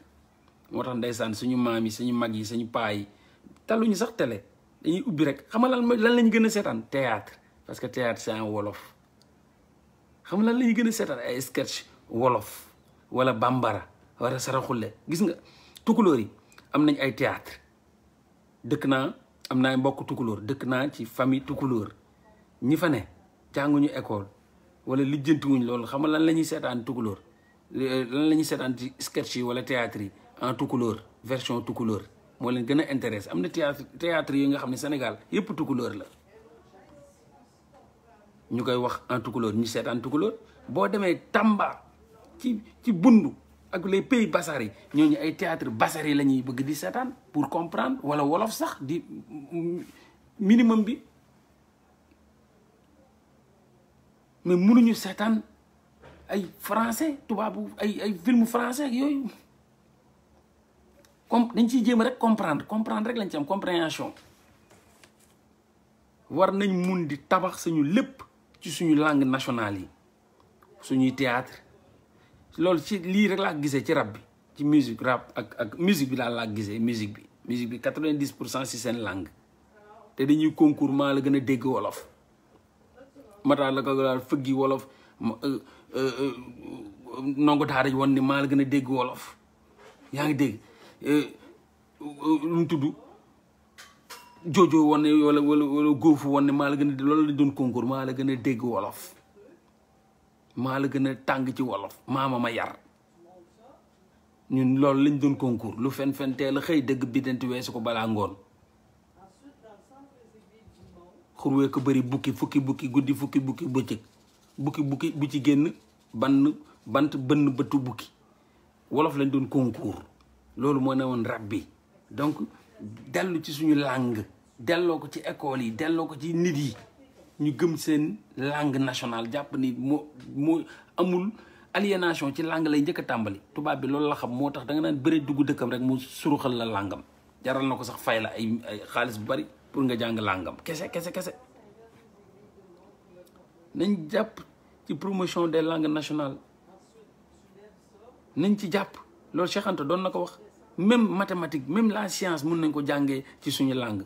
motax moo suñu mami suñu magi suñu pay taluñu sax télé dañuy ubbi rek xamal lan lañu gëna sétane théâtre parce que théâtre c'est en wolof xam lan lañuy gën a seetaan ay sketch wolof wala bambara wala saraxule gis nga tukulóor yi am nañ ay théâtre dëkk naa am naa mbokk tukulóor dëkk naa ci famille tukulóor ñi fa ne jànguñu école wala lijjantiwuñ loolu xam lan la ñuy seetaan tukulóor eh, lan la ñuy seetaan ci sketch yi wala théâtre yi en tukulóor version couleur moo leen gën a intéresse am na théâtre théâtre yi nga xam ne Sénégal yëpp tukulóor la ñu koy wax en couleur ñu seet en couleur bo démé Tamba ci ci bundu ak les pays basar yi ñooñu ay théâtre basar lañuy bëgg di pour comprendre wala wolof sax di minimum bi mais mënuñu seetaan ay français bu ay ay film français yoyu comme dañ ci jëm rek comprendre comprendre rek lañ ci am compréhension war nañ mundi tabax suñu lepp ci suñu langue nationale yi suñuy théâtre loolu ci lii rek laa gisee ci rap bi ci musique rap ak ak musique bi daal laa gise musique bi musique bi quatre-vingt-dix pour cent si seen langue te dañuy concours maa la gën a dégg wolof mataa la ko daal fëggi wolof euh, euh, euh, ndongo daara ji woon la gën a dégg wolof yaa ngi dégg lu joojoo woon ne wala wala wala góofu woon ne maa la gën a loolu la doon concours maa gën a dégg wolof maa la gën a tàng ci wolof maama ma yar ñun loolu lañ doon concours lu fen xëy dëgg bi dent weesu ko balaa ngoon xurwee ko bëri guddi fukki bukki bëccëg bukki bukki bu ci génn bann bant bëtu bukki wolof lañ doon concours loolu moo ne woon rab bi donc dellu ci suñu làng delo ko ci école yi delo ko ci nit yi ñu gëm seen langue nationale japp ni mo amul aliénation ci langue lay ñëk tambali tuba bi loolu la xam motax da nga naan bëre duggu dëkkam rek mu suruxal la langam jaral na sax fay la ay ay xaaliss bu bari pour nga jang langam kese kese kese nañ japp ci promotion des langues nationales nañ ci japp loolu Cheikh Anta doon nako mem wax même mathématique même la science mën nañ ko jangé ci suñu langue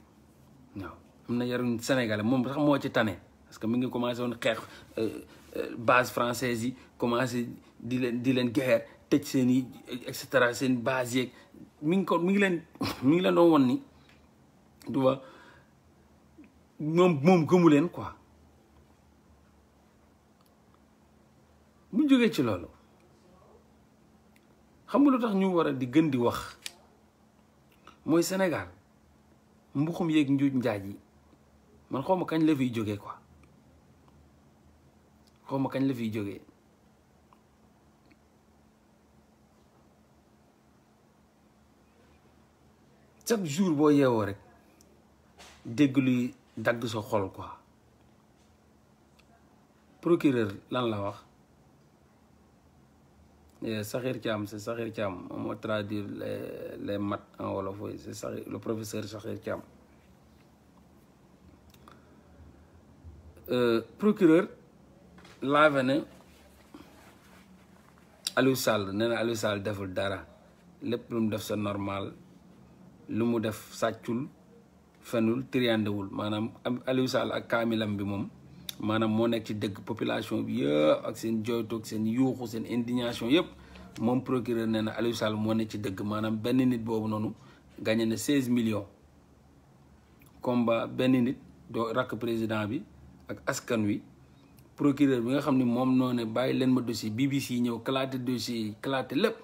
am na yaruñ sénégalais moom sax moo ci tane parce que mi ngi commencé woon xeex euh, euh, base française yi commencé di leen di leen guerre tëj seen i et seen base yeeg mi ngi mi ngi leen mi ngi leen doon won ni tu moom moom gëmu leen quoi bu jógee ci loolu xam nga lu tax ñu war a di gën di wax mooy Sénégal mbuxum yeeg njuuj njaaj yi man je ma kañ la je quoi xaw ma kañ la chaque jour bo yéwo rek dégg luy dagg xol quoi procureur lan la wax eh, c'est On traduire les maths en wolof c'est le professeur Sahir Euh, procureur laave ne Aliou Sall nee deful dara lépp lu def sa normal lu mu def sàccul fenul triandewul maanaam Aliou Sall ak kaamilam bi moom maanaam moo nekk ci dëgg population bi yëpp ak seen jooytoog seen yuuxu seen indignation yëpp moom procureur nee na Aliou moo nekk ci dëgg maanaam benn nit boobu noonu gagné na 16 millions combat benn nit doo rakk président bi ak askan wi procureur bi nga xam ne moom noo ne bàyyi leen ma dossier BBC ñëw claté dossier yi claté lépp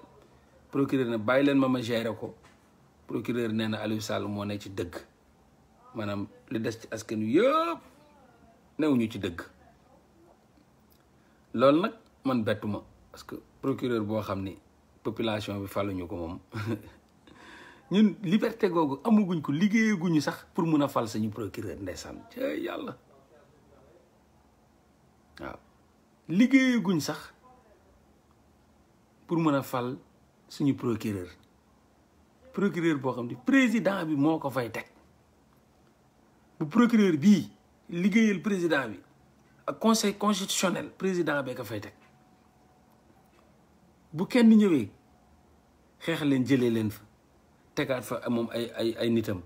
procureur ne bàyyi leen ma ma gérer ko procureur nee na Aliou Sall moo ne ci dëgg maanaam li des ci askan wi yëpp newuñu ci dëgg loolu nag man bettuma parce que procureur boo xam ni population bi faluñu ko moom ñun liberté googu amuguñ ko liggéeyaguñu sax pour mun a fal sañu procureur ndeysaan ci yàlla waaw liggéeyaguñ sax pour mën a fal suñu procureur procureur boo xam ne président bi moo ko fay teg bu procureur bii liggéeyal président bi ak conseil constitutionnel président bee ko fay teg bu kenn ñëwee xeex leen jëlee leen fa tegaat fa moom ay ay ay nitam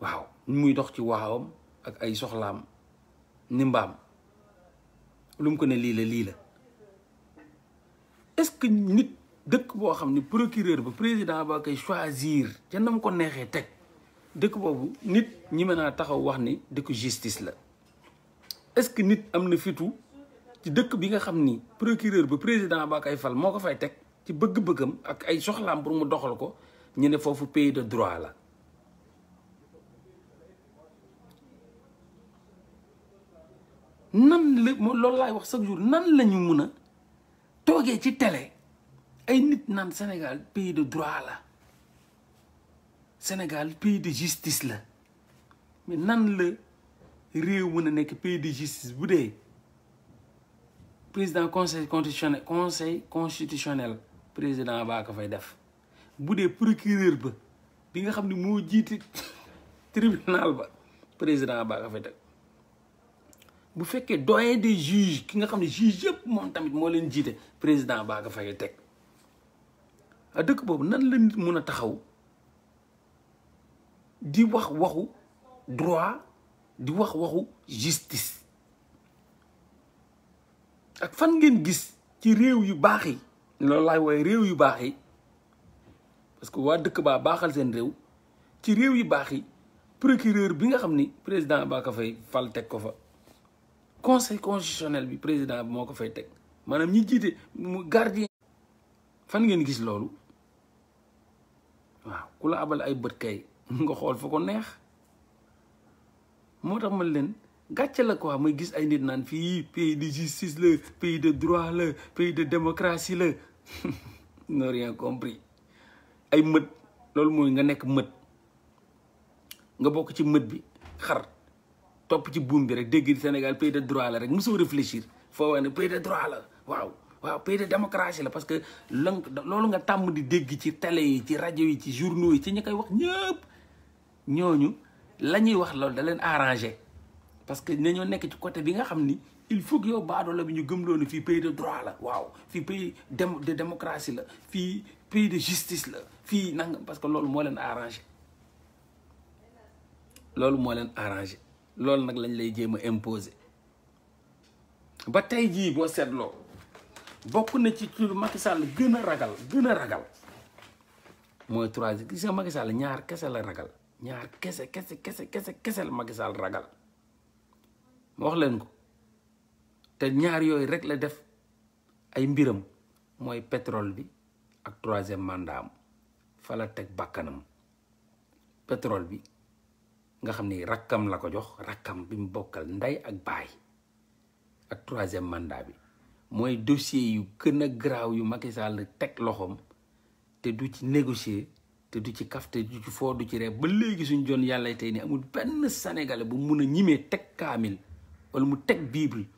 waaw muy dox ci waawam ak ay soxlaam ni mbaam lu mu ko ne lii la lii la est-ce que nit dëkk boo xam ne procureur ba président ba koy choisir ca na mu ko neexee teg dëkk boobu nit ñi mën a taxaw wax ni dëkk justice la est-ce que nit am na fitu ci dëkk bi nga xam ni procureur ba président ba koy fal moo ko fay teg ci bëgg-bëggam ak ay soxlaam pour mu doxal ko ñu ne foofu pays de droit la nan la loolu laay wax chaque jour nan la ñu mun a toogee ci télé ay nit naan Sénégal pays de droit la Sénégal pays de justice la mais nan la réew mun a nekk pays de justice bu dee président conseil constitutionnel conseil constitutionnel président baa ko fay def bu dee procureur ba bi nga xam ne moo jiite tribunal ba président baa ko fay def bu fekkee doyen des juges ki nga xam ne juge yëpp tamit mo leen jité président ba nga fay teg a dëkk boobu nan la nit mun taxaw di wax waxu droit di wax waxu justice ak fan ngeen gis ci réew yu baax yi loolu laay wooye réew yu baax yi parce que wa deuk ba baxal sen réew ci réew yu baax yi procureur bi nga xam président ba ka fay fal teg ko fa conseil constitutionnel bi président bi moo ko fay teg maanaam ñi jiite mu gardien fan ngeen gis loolu waaw ku la abal ay bët kay nga xool fa ko neex moo tax ma leen gàcce la quoi may gis ay nit naan fii pays de justice la pays de droit la pays de démocratie la n'ont rien compris ay mët loolu mooy nga nekk mët nga bokk ci mët bi xar topp ci buum bi rek dégg Sénégal pays de droit la rek mosoo réfléchir foo wax ne pays de droit la waaw waaw pays de démocratie la parce que lan loolu nga tàmm di dégg ci télé yi ci rajo yi ci journaux yi ci ñi koy wax ñëpp ñooñu la ñuy wax loolu da leen arrangé parce que nañoo nekk ci côté bi nga xam ni il faut que yow baadoola ñu gëm loolu fii pays de droit la waaw fii pays de démocratie la fii pays de justice la fii nangam parce que loolu moo leen arrangé loolu moo leen arrangé loolu nag lañ lay jéem a imposer ba tey jii boo seetloo bokk na ci lu Macky Sall gën a ragal gën a ragal mooy troisième gis nga ñaar kese la ragal ñaar kese kese kese kese kese la Macky ragal ma wax leen ko te ñaar yooyu rek la def ay mbiram mooy pétrole bi ak troisième mandat am fa la teg bàkkanam pétrole bi nga xam ni rakkam la ko jox rakkam bi mu bokkal ndey ak baay ak troisième mandat bi mooy dossier yu gën a garaaw yu Macky Sall teg loxoom te du ci négocier te du ci kaf te du ci foo du ci ree ba léegi suñ jon yàlla tey ni amul benn sénégalais bu mun a ñimee teg kaamil wala mu teg bible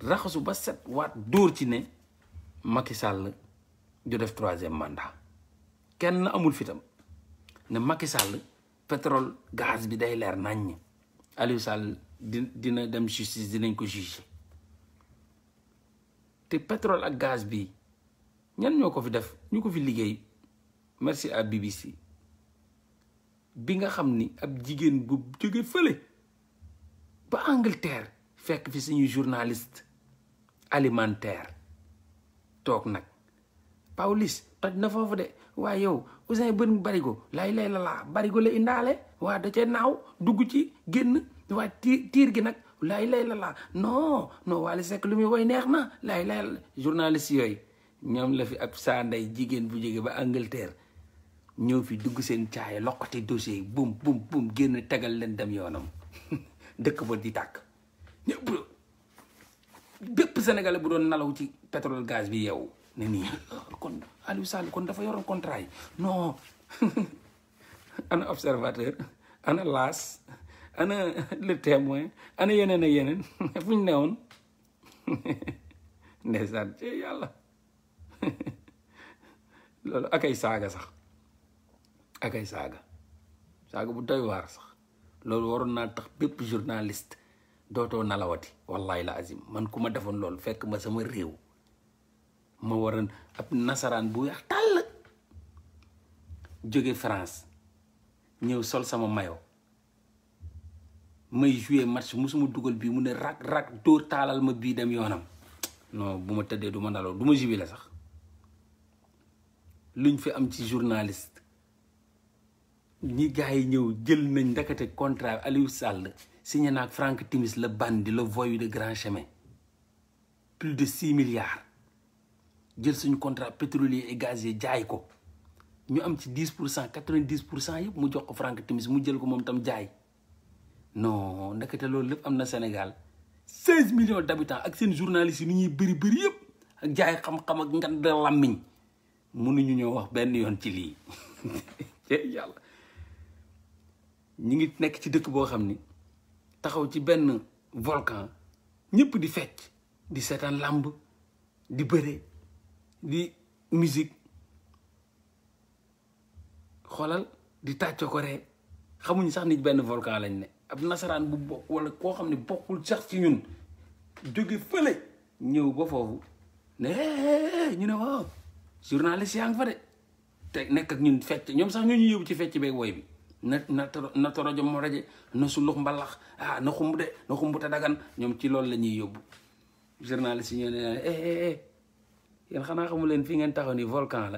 raxasu ba set waat dóor ci ne Macky Sall du def troisième mandat kenn amul fitam ne Macky pétrole gaz bi day leer naññ Aliou Sall dina dem justice dinañ ko juger te pétrole ak gaz bi ñan ñoo ko fi def ñu ko fi liggéey merci à BBC bi nga xam ni ab jigéen bu jóge fële ba Angleterre fekk fi suñuy journaliste alimentaire toog nag Pawlish toj na foofu de waaye yow bët Ouzin bari barigo lay lay la laa barigo la indaale waa da cee naaw dugg ci génn waa tiir gi nag lay lay la laa non non Wally Seck lu muy woy neex na lay lay journaliste yooyu ñoom la fi ab saa ndey jigéen bu jóge ba Angleterre ñëw fi dugg seen caaya loqati dossier bum bum bum génn tegal leen dem yoonam dëkk ba di tàkk ñëpp bépp sénégalais bu doon nalaw ci pétrole gaz bi yow ne nii Aliou Sall kon dafa yoroon contrat yi non ana observateur ana laas ana le témoin ana yeneen a yeneen fu ñu newoon ndeysaan ci yàlla loolu akay saaga sax akay saaga saaga bu doy waar sax loolu waroon naa tax bépp journaliste dootoo nalawati wallahi la azim man ku ma defoon loolu fekk ma sama réew ma war ab nasaraan bu weex tàll jóge France ñëw sol sama mayo may joué match musuma dugal bii mu ne rak rak dóor taalal ma bii dem yoonam non bu ma tëddee du ma naloo du ma jibile sax luñ fi am ci journaliste ñi gars yi ñëw jël nañ ndakate contrat Aliou Sall signé naag Franck Timis la bandi le voyou de grand chemin plus de six milliards jël suñu contrat pétrolier et gazier jaay ko ñu am ci dix pour cent quatre vingt dix pour cent yëpp mu jox ko Frank Timis mu jël ko moom tam jaay non ndekete loolu lépp am na Sénégal seize millions d' habitants ak seen journalistes yi ni ñuy bëri bëri yëpp ak jaay xam-xam ak ngan da làmmiñ mënuñu ñoo wax benn yoon ci lii yàlla ñu ngi nekk ci dëkk boo xam ni taxaw ci benn volcan ñëpp di fecc di seetaan làmb di bëre di musique xoolal di tàcc ko ree xamuñu sax nit benn volcan lañ ne ab nasaraan bu bokk wala koo xam ne bokkul sax ci ñun jóge fële ñëw ba foofu ne ñu ne waaw journaliste yaa ngi fa de te nekk ak ñun fecc ñoom sax ñu ñu yóbbu ci fecc beeg woy bi na na torojo mo raje na sulux mbalax ah na xumb de na xumb dagan ñoom ci loolu lañuy yóbbu journaliste yi ñoo ne il y a un volcan.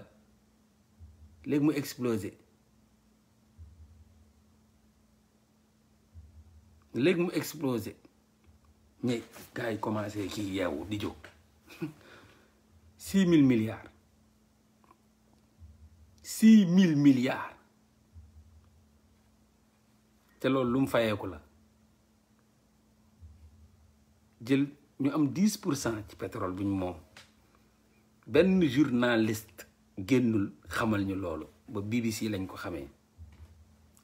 qui s'est explosé. Il s'est tout de explosé. Les gens, vous pouvez à dire 6 000 milliards. 6 000 milliards. c'est ce que j'ai fait. Nous avons 10% du pétrole du monde. benn journaliste génnul xamal ñu loolu ba BBC lañ ko xamee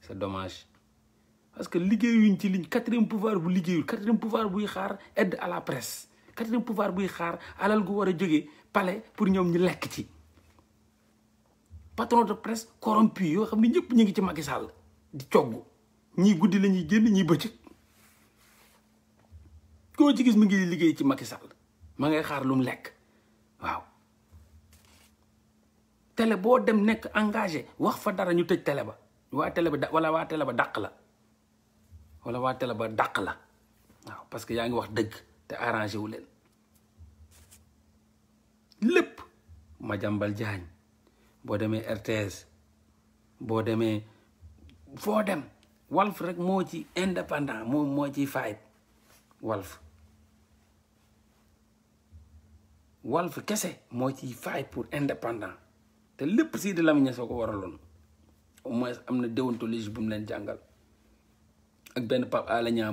c'est domage parce que liggéeyuñ ci liñ quatrième pouvoir bu liggéeyul quatrième pouvoir buy xaar aide à la presse quatrième pouvoir buy xaar alal gu war a jóge pale pour ñoom ñu lekk ci patron de coron corrompu yoo xam ne ñëpp ñu ngi ci Macky di cogg ñii guddi lañuy ñuy génn ñii bëccëg koo ci gis mu ngi liggéey ci Macky Sall ma ngay xaar lu mu lekk waaw tele boo dem nekk engage wax fa dara ñu tëj télé ba waa télé ba wala waa ba dàq la wala waa télé dàq la waaw parce que yaa ngi wax dëgg te arrangé wu leen lépp jàmbal Diagne boo demee RTS boo demee foo dem Walf rek moo ci indépendant moom moo ci fayit Walf Walf kese moo ci fay pour indépendant te si de Lamine Niass ko waraloon au moins amna na déontologie bu mu leen ak ben pap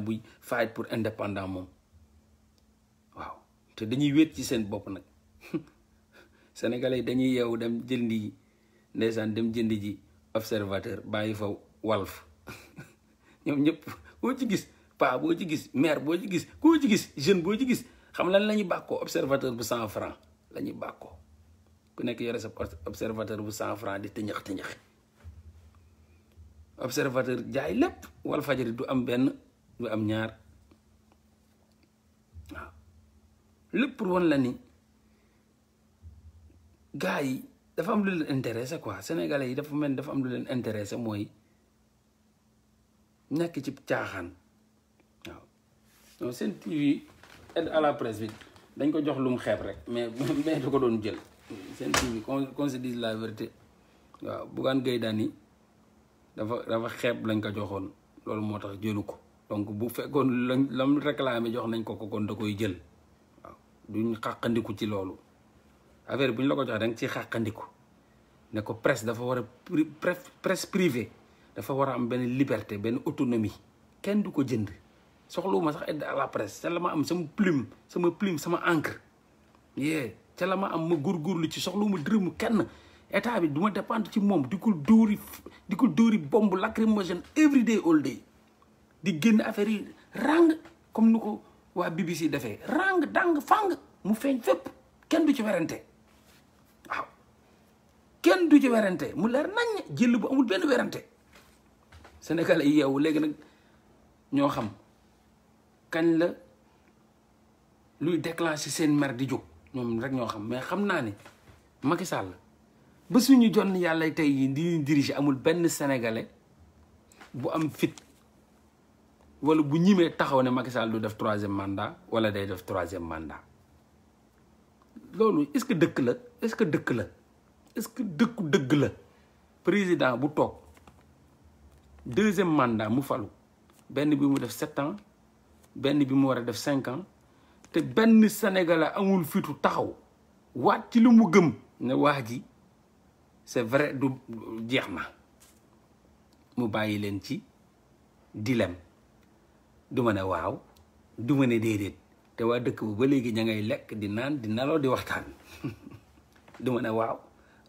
buy fight pour indépendant wow, waaw te dañuy wét ci seen bop nak sénégalais dañuy yew dem jëndi ndaysan dem jëndi ji observateur bayi fa Walf ñom ñëpp bo ci gis pa bo ci gis mère bo ci gis ko ci gis jeune bo ci gis xam lan la bako observateur bu 100 francs la bako ku nekk yore sa observateur bu cent franc di tëñëx tëñëx observateur jaay lépp wal fajari du am benn du am ñaar waaw lépp pour wan la ni gars yi dafa am lu leen intéressé quoi sénégalais yi dafa mel ni dafa am lu leen intéressé mooy nekk ci caaxaan waaw donc seen TV la presse dañ ko jox lu mu xeeb rek mais mais da ko doon jël. se dise la vérité waaw Bougane Gueye Dany dafa dafa lañ ko joxone lolou donc bu fekkone lam réclamer jox nañ ko ko kon da koy jël duñ xàqandiku ci la ko jox dang ci ko presse presse privée dafa am liberté une autonomie du ko jënd sax aide à la presse te ma am sama plume sama plume sama encre ca la ma am ma lu ci soxlu ma mu kenn état bi du ma dépendre ci moom di ku dóori di ko dóori bomb lacrymogène every day all day di génn affaire yi rang comme nu ko waa BBC defee rang dang fang mu feeñ fépp kenn du ci werante waaw kenn du ci werante mu leer nañ jël bu amul benn werante Sénégal yi yow léegi nag ñoo xam kañ la luy déclencher seen mer di jo ñoom rek ñoo xam mais xam naa ni Macky la ba suñu jon yàlla tey yi di diriger amul benn sénégalais bu am fit wala bu ñimee taxaw ne Macky Sall du def troisième mandat wala day def troisième mandat loolu est-ce que dëkk la est-ce que dëkk la est-ce que dëkku dëgg la président bu toog deuxième mandat mu falu benn bi mu def sept ans benn bi mu war a def cinq ans te benn sénégalais amul fitu taxaw waat ci lu mu gëm ne waa ji c'est vrai du jeex na mu bàyyi leen ci di dilem du ma ne waaw du ma ne déedéet te waa dëkk bu ba léegi ña ngay lekk di naan di naloo di waxtaan du ma waaw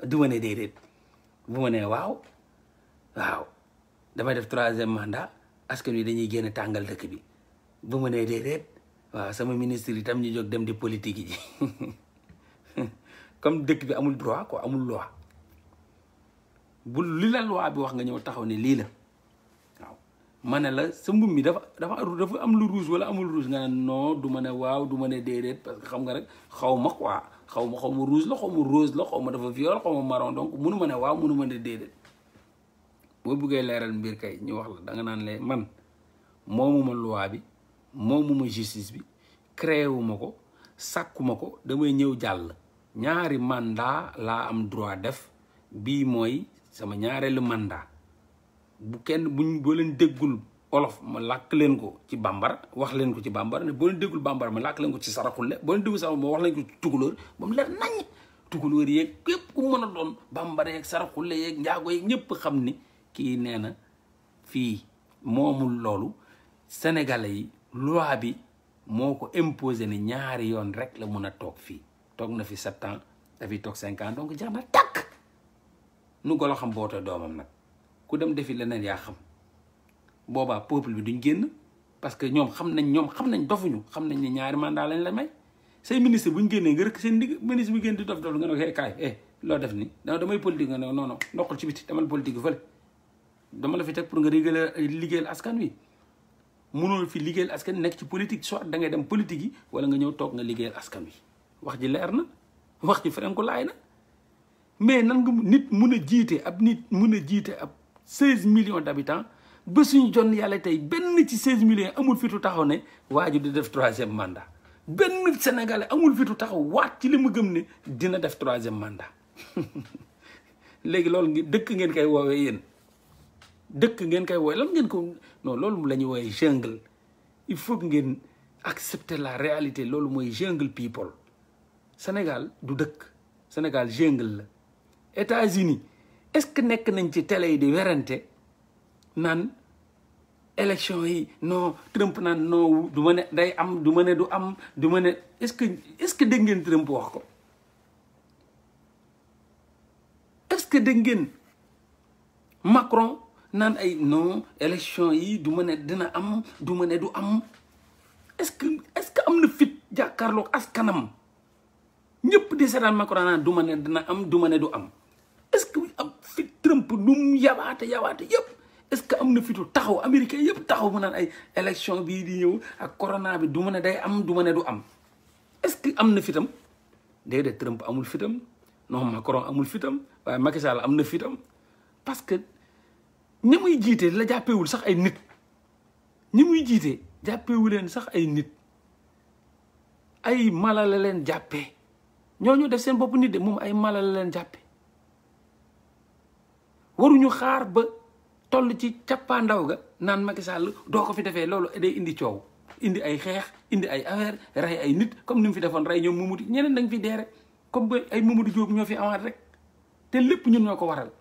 du ma ne déedéet bu ma waaw waaw dama def troisième mandat askan wi dañuy génn tàngal dëkk bi bu ma déedéet waaw sama ministre tam ñu jóg dem di politique yi comme dëkk bi amul droit ko amul loi bu li la loi bi wax nga ñëw taxaw ne lii la waaw ma ne la sa mbubb mi dafa dafa dafa am lu rouge wala amul rouge nga noo non du ma ne waaw du ma ne déedéet parce que xam nga rek xaw ma quoi xaw ma xaw ma rouge la xaw ma rose xaw ma dafa violet xaw ma marron donc munu ma ne waaw munu ma ne déedéet boo buggee leeral mbir kay ñu wax la danga naan lee man moomu ma loi bi. moomuma justice bi créé wu ma ko sakkuma ko damay ñëw jàll ñaari mandat laa am droit def bii mooy sama ñaareelu mandat bu kenn buñ boo leen déggul olof ma lakk leen ko ci bambara wax leen ko ci bambara ne boo leen déggul bambara ma làkk leen ko ci saraxule boo leen déggul saraxule ma wax leen ko ci tukulóor ba mu leer nañ tukulóor yeeg képp ku mën a doon bambara yeeg saraxule yeeg njaago yeeg ñëpp xam ni kii nee na fii moomu loolu sénégalais yi loi bi moo ko imposé ne ñaari yoon rek la mun a toog fii toog na fi sept ans dafay toog cinq ans donc jeex na tàkk nu golo xam boote doomam nag ku dem defi leneen yaa xam boobaa peuple bi duñ génn parce que ñoom xam nañ ñoom xam nañ dofuñu xam nañ ne ñaari mandat lañ la may say ministre bu génnee nga rëkk seen ndig ministre bu génn di dof dof nga ne ko kaay eh loo def ni dama damay politique nga ne non non ndoxul ci biti damal politique fële dama la fi teg pour nga réguler liggéeyal askan wi mënoo fi liggéeyal askan nekk ci politique soit da ngay dem politique yi wala nga ñëw toog nga liggéeyal askan wi wax ji leer na wax ji feneen ko laay na mais nan nga nit mun a jiite ab nit mun a jiite ab 16 millions d'habitants ba suñu jonn yàlla tey benn ci 16 millions amul fitu taxaw ne waa ji di def troisième mandat benn sénégalais amul fitu taxaw waat ci li mu gëm ne dina def troisième mandat léegi loolu dëkk ngeen koy woowee yéen dëkk ngeen koy woy lan ngeen ko non loolu la ñuy wooye jungle il faut ngeen accepter la réalité loolu mooy jungle people Sénégal du dëkk Sénégal jungle la États-Unis est-ce que nekk nañ ci télé yi di werante naan élection yi non Trump naan non du ma ne day am du ma ne du am du ma ne est-ce que est-ce que dégg ngeen Trump wax ko est-ce que dégg ngeen Macron naan ay non élection yi du ma ne dina am du ma ne du am est-ce que est-ce que am na fit jàkkaarloog askanam ñëpp di seetaan Macron naan du ma ne dina am du ma ne du am est-ce que am fit Trump lu mu yabaate yabaate yëpp est-ce que am na fitu taxaw américain yëpp taxaw mu naan ay élection bii di ñëw ak corona bi du ma ne day am du ma du am est-ce que am na fitam déedéet Trump amul fitam non Macron amul fitam waaye Macky am na fitam parce que. ñi muy jiite la jàppewul sax ay nit ñi muy jiite jàppewu leen sax ay nit ay mala la leen jàppee ñooñu def seen bopp nit de moom ay mala la leen jàppe waruñu xaar ba toll ci cappaandaw ga naan Macky sàll doo ko fi defee loolu day indi coow indi ay xeex indi ay affaire rey ay nit comme ni mu fi defoon rey ñoom Mamadou ñeneen dañ fi deere comme ba ay Mamadou Diop ñoo fi amaat rek te lépp ñun ñoo ko waral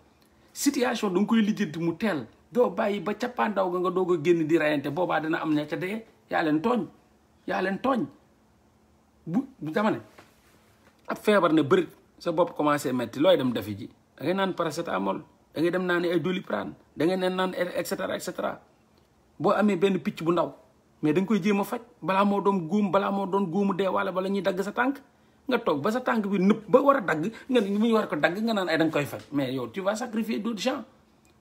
situation da nga koy lijjanti mu teel doo bàyyi ba cappaandaw ga nga doog a génn di rayante boobaa dana am na ca dee yaa leen tooñ yaa leen tooñ bu dama ne ab feebar ne bëri sa bopp commencé metti looy dem defi ji da naan naan paracétamol da ngay dem naan ay doliprane da ngay neen naan et cetera cetera boo amee benn picc bu ndaw mais da koy jéem a faj balaa moo doon góom balaa moo doon góomu dee wala bala ñuy dagg sa tànk nga toog ba sa tànk bi nëpp ba war a dagg nga ne war ko dagg nga naan ay da koy faj mais yow tu vas sacrifier d'autres gens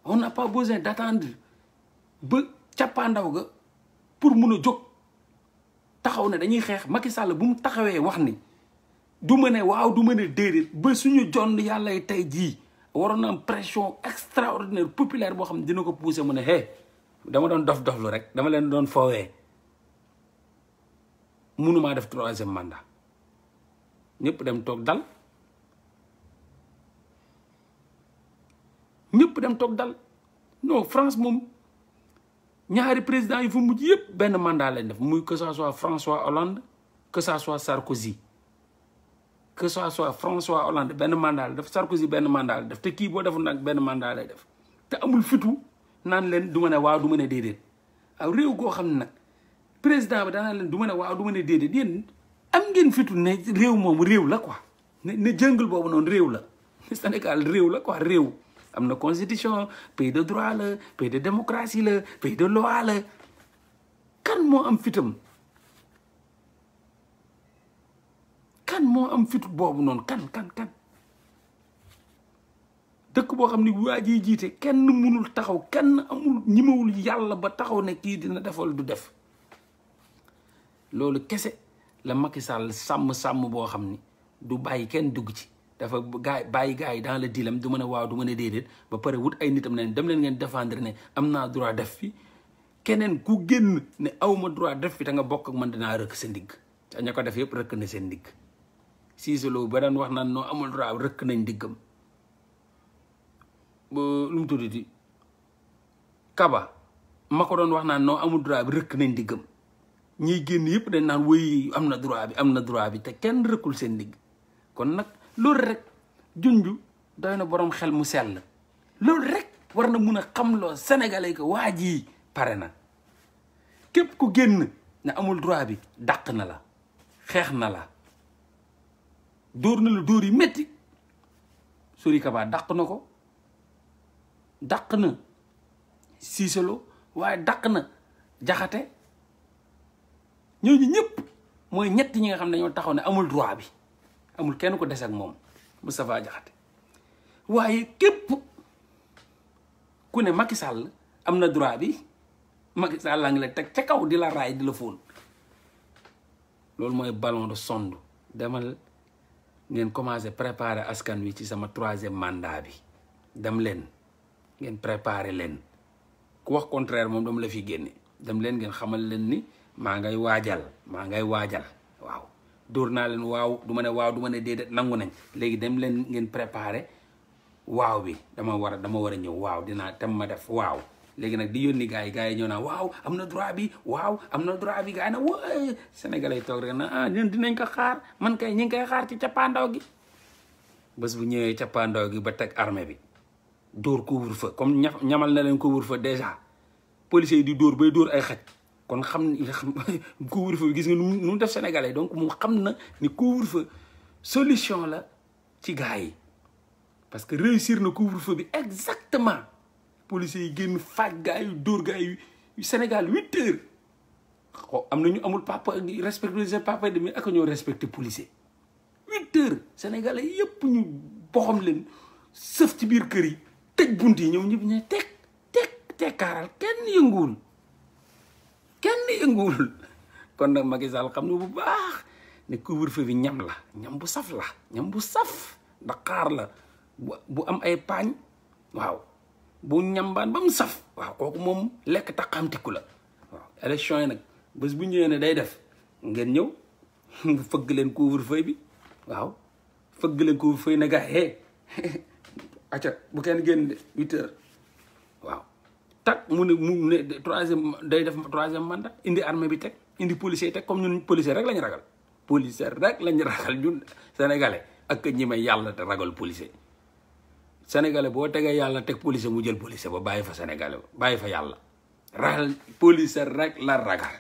on n'a pas besoin d'attendre ba cappaandaw ga pour mun a jóg taxaw ne dañuy xeex Macky sàll bu mu taxawee wax ni du ma ne waaw du ma ne déedéet ba suñu jonn yàlla tey jii waroon na am pression extraordinaire populaire boo xam ne dina ko pousser mu ne hé dama doon dof doflu rek dama leen doon foowee mënumaa def troisième manda ñëpp dem toog dal ñëpp dem toog dal non France moom ñaari président yi fu mujj yëpp benn mandat lañ def muy que ça soit François Hollande que ça soit Sarkozy que ça soit François Hollande benn mandat la def Sarkozy benn mandat la def te kii boo defoon nag benn mandat lay def te amul fitu naan leen du ma ne waa du ma ne déedéet a réew goo xam ne nag président bi danaa leen du ma ne waaw du ma ne déedéet am ngeen fitu ne réew moom réew la quoi ne ne jëngal boobu noonu réew la Sénégal réew la quoi réew am na constitution pays de droit la pays de démocratie la pays de kan moo am fitam kan moo am fitu boobu noonu kan dëkk boo xam ne waa jiite kenn mënul taxaw kenn amul ñimawul yàlla ba taxaw ne kii dina defal du def loolu kese la Macky Sall samu sam bo xamni ken du bàyyi kenn dug ci dafa gaay bàyyi gaay dans le dilemme du meuna a waaw du meuna dedet ba pare wut ay nitam ne dem leen ngeen défendre ne amna droit def fi kenen ku genn ne awma droit def fi te nga bok ak man dinaa rek sen dig te ñako def yep rek na sen dig siiseloo ba dan wax nan no amul droit rek nañ lu kaba mako don wax nan no amul droit rek nañ digam ñiy génn yëpp dañ naan woy am na droit bi am na droit bi te kenn rëkkul seen digg kon nag loolu rek junju doy na boroom xel mu sell loolu rek war na mun a xamloo sénégalais ko waa ji pare na képp ku génn ne amul droit bi daq na la xeex na la dóor na la dóor yi métti Sory Kaba dàq na ko daq na Cissé waaye daq na Jaxate ñooñu ñëpp mooy ñett ñi nga xam ne dañoo taxaw ne amul droit bi amul kenn ku des ak moom Moustapha Diakhaté waaye képp ku ne Macky Sall am na droit bi Macky Sall laa ngi la teg ca kaw di la raay di la fóon loolu mooy ballon de sonde demal ngeen commencé préparer askan wi ci sama troisième mandat bi dem leen ngeen préparer leen ku wax contraire moom dama la fi génne dem leen ngeen xamal leen ni maa ngay waajal maa ngay waajal waaw dóor naa leen waaw du ma ne waaw du ma ne déedéet nangu nañ léegi dem leen ngeen préparer waaw bi dama war a dama war a ñëw waaw dinaa tem ma def waaw léegi nag di yónni gars yi gars yi ñëw naa waaw am na droit bi waaw am na droit bi gars yi nag waa Sénégalais yi toog rek na ah ñun dinañ ko xaar man kay ñu ngi koy xaar ci cappaandaw gi bés bu ñëwee cappaandaw gi ba teg armée bi dóor couvre fa comme ñamal na leen couvre-feu déjà policiers di dóor bay dóor ay xaj kon xam couvre-feu bi gis nga nu def sénégalais donc moom xam na ni couvre-feu solution la ci gaay parce que réussir na couvre-feu bi exactement police yi génn fa gaay yi gaay gars Sénégal 8h xaw am na ñu amul papa respecté papa demi ak ñoo respecter police 8 heures sénégalais yépp ñu boxam leen seuf ci biir kër yi tej bunt ñew ñëw ñe tek tek teg kenn yënguwul. kenn yënguwul kon nag Macky Sall xam na bu baax ne couvre-feu bi ñam la ñam bu saf la ñam bu saf ndax xaar la bu am ay paañ waaw bu ñambaan ba mu saf waaw kooku moom lekk taxamtiku la waaw élection yi nag bés bu ñëwee ne day def ngeen ñëw fëgg leen couvre bi waaw fëgg leen couvre-feu ne gars acca bu kenn génn de tak mu ne mu ne troisième day def troisième mandat indi armée bi teg indi policier teg comme ñun policier rek la ñu ragal policier rek la ñu ragal ñun sénégalais ak ñi may yàlla te ragal policier sénégalais boo tegee yàlla teg policier mu jël policier ba bàyyi fa sénégalais ba bàyyi fa yàlla ragal policier rek la ragal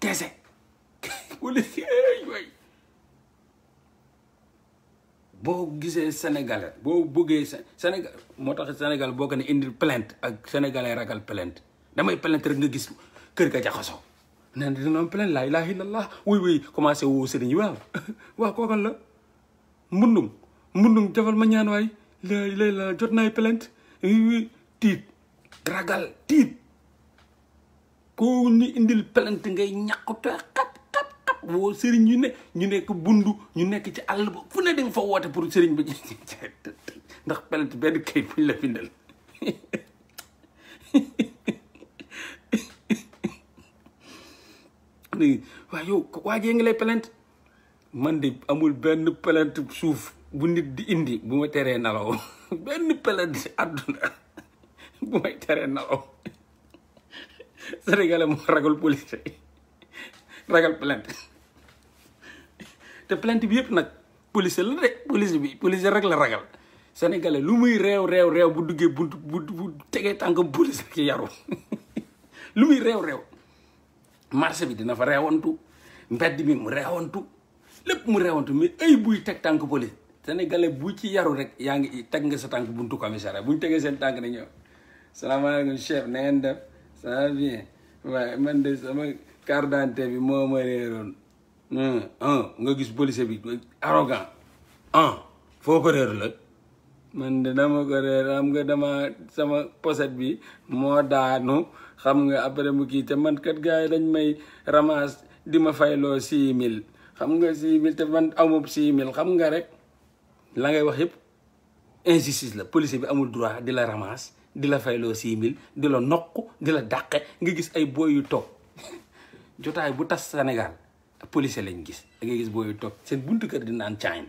kese policier yooyu boo gisee sénégalais boo bëggee sénégal moo tax sénégal boo ko ne indil plainte ak sénégalais ragal plainte damay plainte rek nga gis kër ga jaxasoo nee na dina am plainte laa ilaha illallah wuy commencé woo sëriñ yi waaw waaw kookan la mbundum mbundum defal ma ñaan waay lay la jot naay plainte tiit ragal tiit ko ñu indil plainte ngay ñàkkute xat wo sering ñu ne ñu nekk bundu ñu nekk ci all bu fu ne dem fa wote pour serigne bi ndax pelet ben kay buñ la bindal waaw yow waajee ngi lay man di amul ben plainte suuf bu nit di indi bu ma téré nalaw ben plainte aduna bu may téré nalaw gala mo ragal police ragal pelant te plainte bi yep nak police la de police bi police rek la ragal sénégalais lu muy rew rew rew bu duggé buntu bu bu tegee tànkam police rek ya yaru lu muy rew rew marché bi dina fa rewontu mbedd bi mu rewontu lepp mu rewontu mais ay buuy teg tank police sénégalais bu ci yaru rek yaa tek teg nga sa tank buntu commissaire buñ tégué tegee tank ni ne salam alaykum chef na ça va bien ouais man de sama carte d'identité bi mo ma réeroon un nga gis policier bi arrogant ah, foko ko réer la man de dama ko réer nga dama sama poset bi mo daanu xam nga après mu kii te man kat gars dañ may ramasse di ma fayloo lo mille xam nga six mille te man amu six mille xam nga rek la ngay wax yëpp injustice la bi amul droit di la ramasse di la fayloo si mille di la nokku, di la dàqe nga gis ay boy yu toog jotaay bu tas Senegal. policier lañ gis da ngay gis booy toog seen buntu kër di naan caayin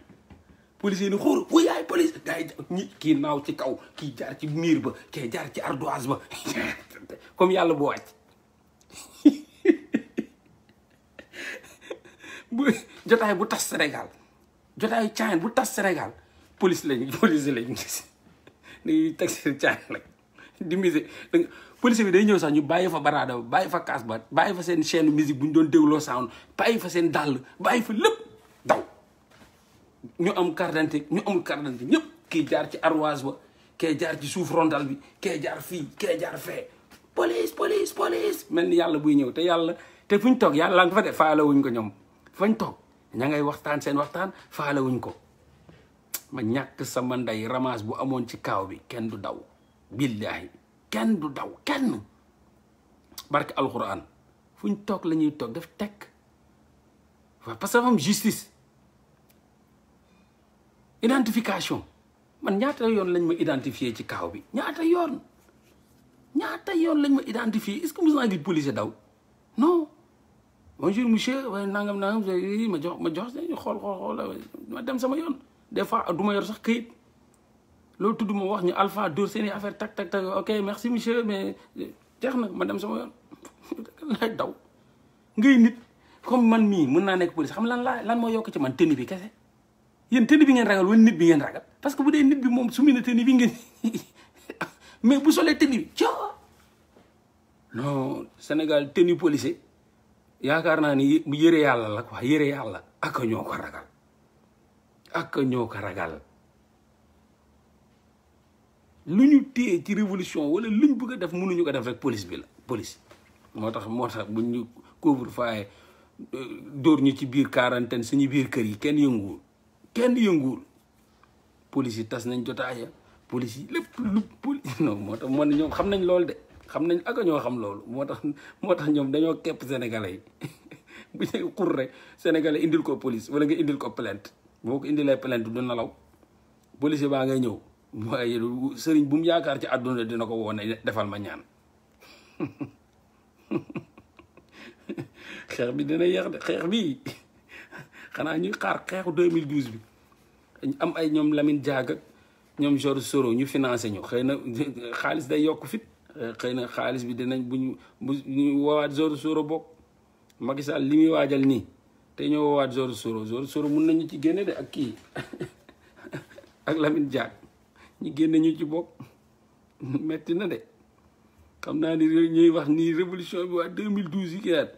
policier ni xóor wuy yaay police gars yi ñi kii naaw ci kaw kii jaar ci miir ba kii jaar ci ardoise ba comme yàlla bu wàcc bu jotaay bu tas senegal jotaay caayin bu tas senegal police lañ policier lañ gis da ngay teg di mise police bi day ñëw sax ñu bàyyi fa baraada bàyyi fa kaas ba bàyyi fa seen chaîne musique bu ñu doon dégloo sound bàyyi fa seen dàll bàyyi fa lépp daw ñu am carte ñu amul carte ñëpp kii jaar ci arwaas ba kee jaar ci suuf rondal bi kee jaar fii kee jaar fee police police police mel ni yàlla buy ñëw te yàlla te fu ñu toog yàlla nga fa de faale wuñ ko ñoom fañ toog ña ngay waxtaan seen waxtaan faale wuñ ko ma ñàkk sama ndey ramasse bu amoon ci kaaw bi kenn du daw kenn du daw kenn barke alxuraan fu fuñ toog la ñuy toog def tekk waa parce que dafa am justice identification man ñaata yoon lañ ma identifié ci kaaw bi ñaata yoon ñaata yoon lañ ma identifié est-ce que mos naa gis policier daw non bonjour monsieur waaye nangam nangam ma jox ma jox xool xool ma dem sama yoon des fois du ma yor sax këyit loolu tudd ma wax alpha dóor seen i affaire tak tak tak ok merci monsieur mais eh, jeex ma dem sama yoon laay daw ngay nit comme man mi mën naa nekk police xam lan la lan moo yokk ci man teni bi bi ngeen ragal wala nit bi ngeen ragal parce que bu nit bi moom sumi teni tenue bi ngeen mais bu solee teni bi ya non Sénégal tenue policier yaakaar naa ni yëre yàlla la quoi yere yàlla ak ñoo ragal ak ragal lu ñu téye ci révolution wala lu ñu bëgg a def mënuñu ko def rek police bi la police moo tax moo tax bu ñu couvre-feu euh, dóor ñu ci biir quarantaine suñu biir kër yi kenn yënguwul kenn yënguwul police yi tas nañ jotaaya police lépp lu police moo tax moo ne ñoom xam nañ loolu de xam nañ ak ñoo xam loolu moo tax moo tax ñoom dañoo képp sénégalais yi bu ñu xur rek sénégalais indil ko police wala nga indil ko plainte boo ko indilee plainte du nalaw police baa ngay ñëw waaye sëriñ bu mu yaakaar ci àdduna dina ko woone defal ma ñaan xeex bi dina yéex de xeex bi xanaa ñuy xaar xeexu 2012 bi am ay ñoom Lamine Diack ñoom George Soros ñu financé ñu xëy na xaalis day yokk fit xëy na xaalis bi dinañ bu ñu bu ñu woowaat George Soros bokk Macky Sall li muy waajal nii te ñoo woowaat George soro George Soros mun nañu ci génne de ak kii ak Lamine jaag ñu génne ñu ci bopp metti na de xam naa ni ñuy wax nii révolution bi waa 2012 yi kiiwaat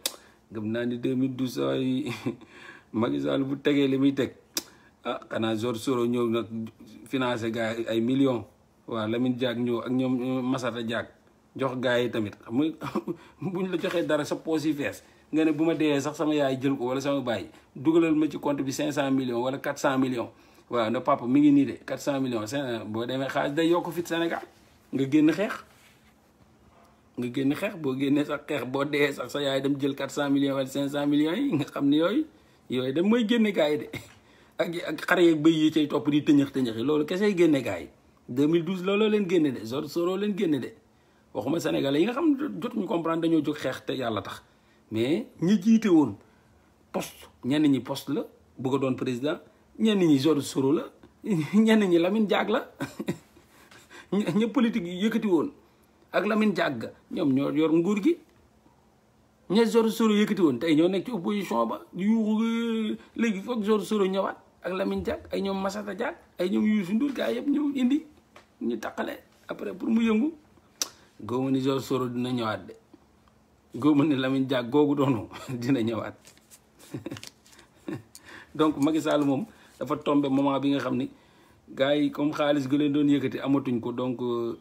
gëm naa ni 2012 saa yi Macky Sall bu tegee li muy teg ah xanaa George ñëw nag financé gars ay millions waaw Lamine Diack ñëw ak ñoom Massata Diack jox gars yi tamit xam nga la joxee dara sa poos yi fees nga ne bu ma dee sax sama yaay jël ko wala sama baay dugalal ma ci compte bi 500 millions wala cent millions. waaw na papa mi ngi nii de 400 millions seen boo demee xaalis da yokk fit Sénégal nga génn xeex nga génn xeex boo génnee sax xeex boo dee sax sa yaay dem jël 400 millions wala 500 millions yi nga xam ne yooyu yooyu dem mooy génne gars yi de ak ak xare yeeg bëy yi cay topp di tëñëx tëñëxi loolu kese génne gars yi 2012 looloo leen génne de sor soroo leen génne de waxuma sénégalais yi nga xam jotuñu comprendre dañoo jóg xeex te yàlla tax mais ñi jiite woon post ñenn ñi poste la bëgg a doon président ñenn ñi Georges Soro la ñenn ñi Lamine Diack la ña politique yi yëkkati woon ak Lamine Diack ga ñoom ñoo yor nguur gi ña Georges Soro yëkkati woon tey ñoo nekk ci opposition ba yu léegi foog Georges Soro ñëwaat ak Lamine Diack ay ñoom Massata Diack ay ñoom Youssou Ndour gaa yëpp ñëw indi ñu taqale après pour mu yëngu góobu ni Soro dina ñëwaat de góobu ni Lamine Diack googu doonu dina ñëwaat donc Macky Sall moom dafa tombe moment bi nga xam ni gars yi comme xaalis gi leen doon yëkkati amatuñ ko donc euh,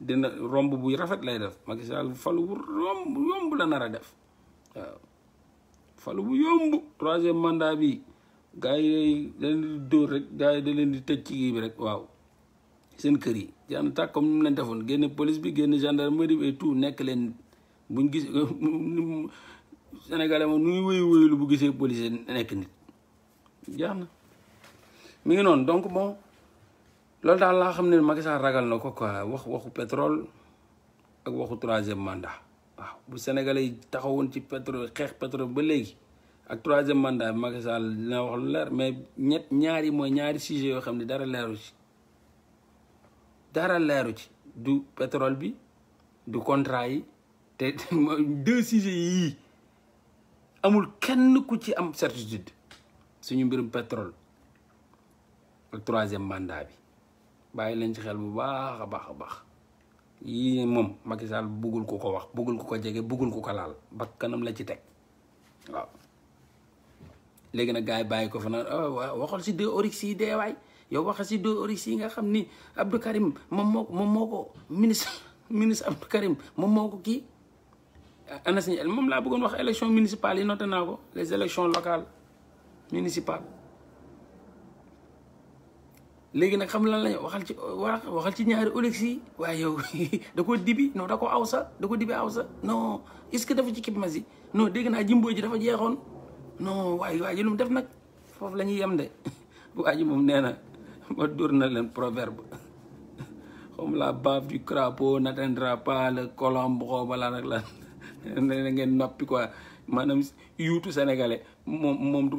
dina romb bu rafet lay def Macky Sall falu bu romb yomb la nar a def waaw falu bu yomb troisième mandat bi gaa yi da leen di dóor rek gars yi da leen di tëj ci kii bi rek waaw seen kër yi jaan tàkk comme ni mu leen defoon génn police bi génn gendarmerie et tout nekk leen buñ gis Sénégalais moom nu muy wéyu wéyulu bu gisee police nekk nit mi ngi noonu donc bon loolu daal laa xam ne Macky ragal na ko quoi wax waxu pétrole ak waxu troisième mandat waaw bu Sénégalais yi taxawoon ci pétrole xeex pétrole ba léegi ak troisième mandat bi Macky Sall dina wax lu leer mais ñett ñaari mooy ñaari sujet yoo xam ne dara leeru ci dara leeru ci du pétrole bi du contrat yi te deux sujets yii amul kenn ku ci am certitude suñu mbirum pétrole ak troisième mandat bi bàyyi leen ci xel bu baax a baax a baax yii moom Macky Sall buggul ko ko wax buggul ko ko jege buggul ko ko laal ba kanam la ci teg waaw léegi nag gars yi bàyyi ko fa naan oh, waxal si de orix yi dee waay yow waxal si deux orix yi nga xam ni Abdou Karim moom moo moom moo ko ministre ministre Abdou Karim moom moo ko kii ana moom laa bëggoon wax élection municipale yi noté naa ko les élections locales municipales léegi nag xam lan lañ waxal ci waxal ci ñaari Olex waaye yow da ko dibi non da ko aw sa da ko dibi aw sa non est ce que dafa ci kib masi non dégg na jimbo ji dafa jeexoon no waaye waa ji lu def nag foofu lañuy ñuy yem de moom nee na ma dóor na leen proverbe comme la bave du crapaud n'atteindra pas le colombe xoobalaa nag la ne ngeen noppi quoi maanaam yuutu sénégalais moom moom du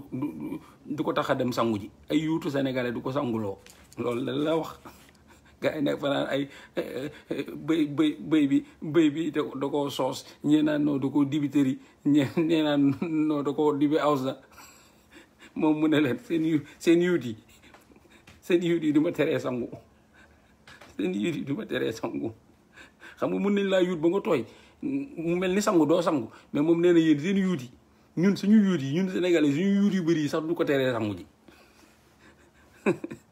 du ko tax a dem sangu ji ay yuutu sénégalais du ko sanguloo loolu la la wax gaa yi nekk fanaan ay bëy bëy bëy bi te bi da koo soos ñee naan noo da koo dibitëri ñee ñee naan noo da koo dibi aws na moom mu ne leen seen yu yi seen yuut yi du ma teree sangu seen yuut ma teree sangu xam mun nañ laa yuut ba nga tooy mu mel ni sangu doo sangu mais moom nee na yéen seen yuut yi ñun suñu yuut yi ñun sénégalais suñu yuut yu bëri yi sax du ko teree sangu ji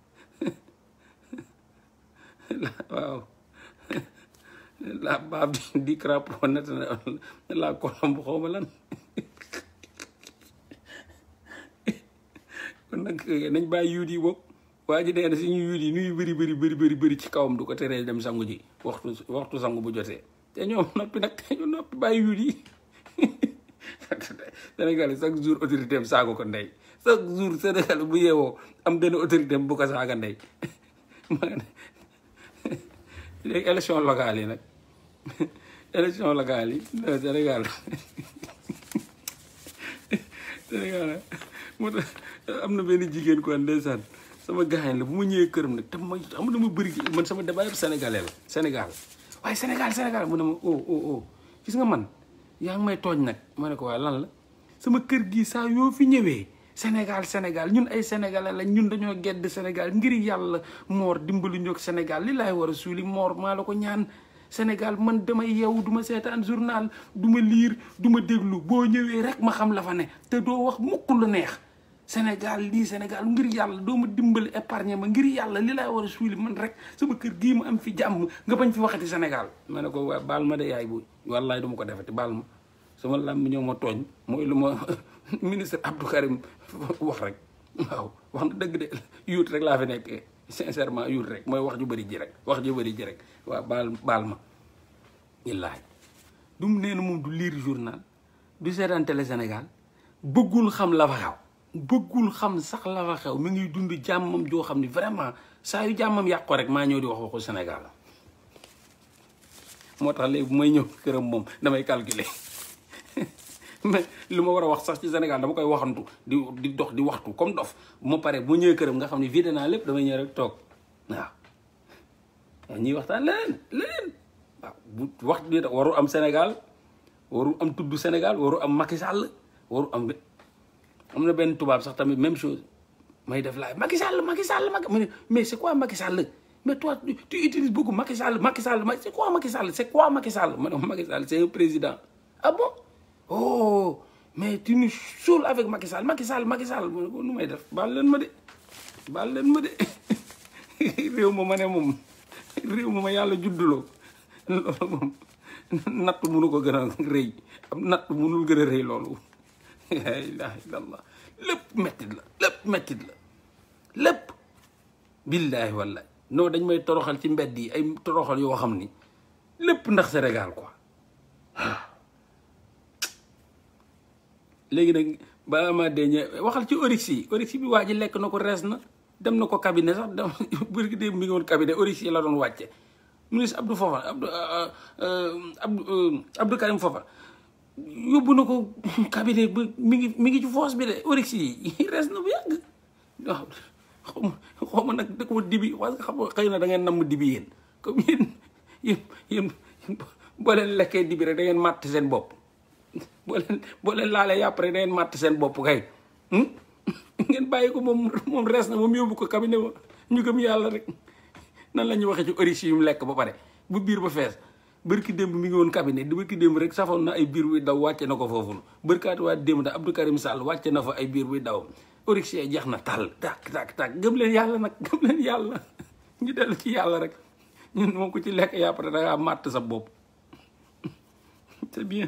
waaw la baab di crapaud nat la colombe xaw ma lan kon nag nañ bàyyi yuut yi boog waa ji nee na suñu yuut yi nuyu bëri bëri bëri bëri bëri ci kawam du ko teree dem sangu ji waxtu waxtu sangu bu jotee te ñoom noppi nag ñu noppi bàyyi yuut yi Sénégal chaque jour autorité am saago ko ndey chaque jour Sénégal bu am autorité bu ko ndey léegi élection locale yi nag élection locale yi Sénégal Sénégal moo tax am na benn jigéen quoi ndeysaan sama gaañ la bu ma ñëwee këram nag ma am na ma bëri man sama débat yëpp sénégalais la Sénégal waaye Sénégal Sénégal mu oh oh oh nga man yaa ngi may tooñ nag ma ne ko waaye lan la sama kër gii saa yoo fi ñëwee Senegal Senegal ñun ay Senegal la ñun dañoo gedd senegal ngir yalla mor dimbali ñok senegal li lay wara a suuli moor ma la ko ñaan senegal man dama yew duma seetaan journal duma liir duma deglu bo ñewé rek ma xam la fa né té do wax mukk lu neex senegal li senegal ngir yalla do ma dimbali épargne ma ngir yalla li lay wara suuli man rek sama kër gi ma am fi jamm nga bañ fi waxati senegal ma ko ma de yaay bu wallahi duma ko defati bal ma sama ñoo ma togn moy luma ministre Abdou Karim wax rek waaw wax na dëgg de yuut rek laa fi nekkee sincèrement yuut rek mooy wax ju bari ji rek wax ju bëri ji rek waaw baal baal ma illaahi du mu na moom du lire journal du seetaan télé Sénégal bëggul xam la fa xew bëggul xam sax la fa xew mi ngi dund jàmmam joo xam ni vraiment saa yu jàmmam yàqoo rek maa ñëw di wax waxu Sénégal moo tax léegi mooy ñëw këram moom damay calculer mais lu ma war a wax sax ci Sénégal dama koy waxantu di di dox di waxtu comme dof bu ma paree bu ñëwee këram nga xam ne vidé naa lépp damay ñëw rek toog waaw ñuy waxtaan leneen leneen waaw bu wax bi waru am Sénégal waru am tudd Sénégal waru am Macky Sall waru am am na benn tubaab sax tamit même chose may def laay Macky Sall Macky Sall Macky mu ne mais c'est quoi Macky Sall mais toi tu utilises beaucoup Macky Sall Macky Sall c'est quoi Macky Sall c'est quoi Macky Sall ma ne Macky président ah bon oh mais tu nous saoules avec Macky Sall Macky Sall Macky nu may def bal leen ma de baal leen ma de réew ma ne moom réew ma ma yàlla judduloo loolu moom natt munu ko gën a rëy am munul gën a rëy loolu la ilaha illallah lépp mettit la lépp mettit la lépp billaahi walla non dañ may toroxal ci mbedd yi ay toroxal yoo xam ni lépp ndax Sénégal ko léegi nag balaa maa dee ñëw waxal ci orix yi orix bi waa ji lekk na ko rees na dem na ko cabinet sax dem bërki dé mi ngi woon cabinet orix yi la doon wàcce ministre Abdou Fofa Abdou euh, euh, Abdou euh, Abdou Karim na ko cabinet mi ngi mi ngi ci force bi de orix yi rees na bu yàgg waaw xaw nag da ko dibi parce que xam xëy na da ngeen namm dibi yéen comme yéen yéen leen lekkee dibi rek da ngeen màtt seen bopp bolen leen boo leen laalee yàpp rek dangeen màtt seen bopp hmm? ngeen bàyyi ko mom moom na mom yobou ko cabinet ba ñu gëm yalla rek nan lañu waxe ci origine yu ba pare bu bir ba fess barki demb mi ngi won cabinet di bërki démb rek safon na ay bir wi daw wacce na fofu foofu wa demb da Abdou Karim Sall wacce na fa ay bir wi daw origine jeex na tàll tak tak tàkk gëm leen yalla nak gëm leen yalla ñu del ci yalla rek ñun moom ko ci lek yàpp da nga mat sa bop c'est bien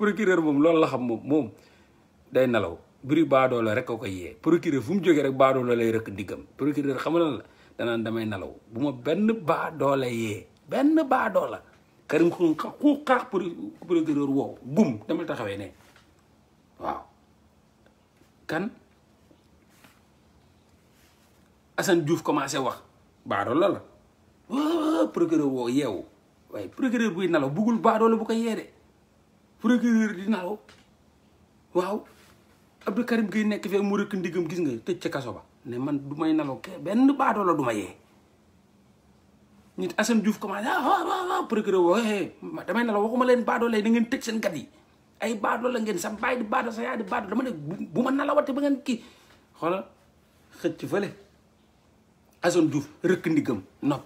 procureur moom loolu la xam moom moom day nelaw buri baadoo rek ko koy yee procureur fu mu jógee rek baadoo la lay rëkk ndiggam procureur xamal la danaan damay nelaw bu ma benn baadoo la yee benn baadoo la këram xu xaax procureur woow bum dama taxawee ne waaw kan Assane Diouf commencé wax baadoo la la procureur woo yeewu waaye procureur buy nelaw buggul baadoo la bu ko yee de procureur di nalaw waaw abdou karim gay nekk fee mu rëkk ndigam gis nga tëj ca kaso ba ne man du may nalaw ke la du ma nit Assane Diouf commencé ah waaw waaw waaw procureur woo hee eh, damay nalaw waxuma leen baadoo lay da ngeen tëj gat yi ay baadoo la ngeen di baadoo sa yaay di baadoo dama ne bu ma nalawate ba ngeen kii xoolal xëcc fële Assane Diouf ndigam na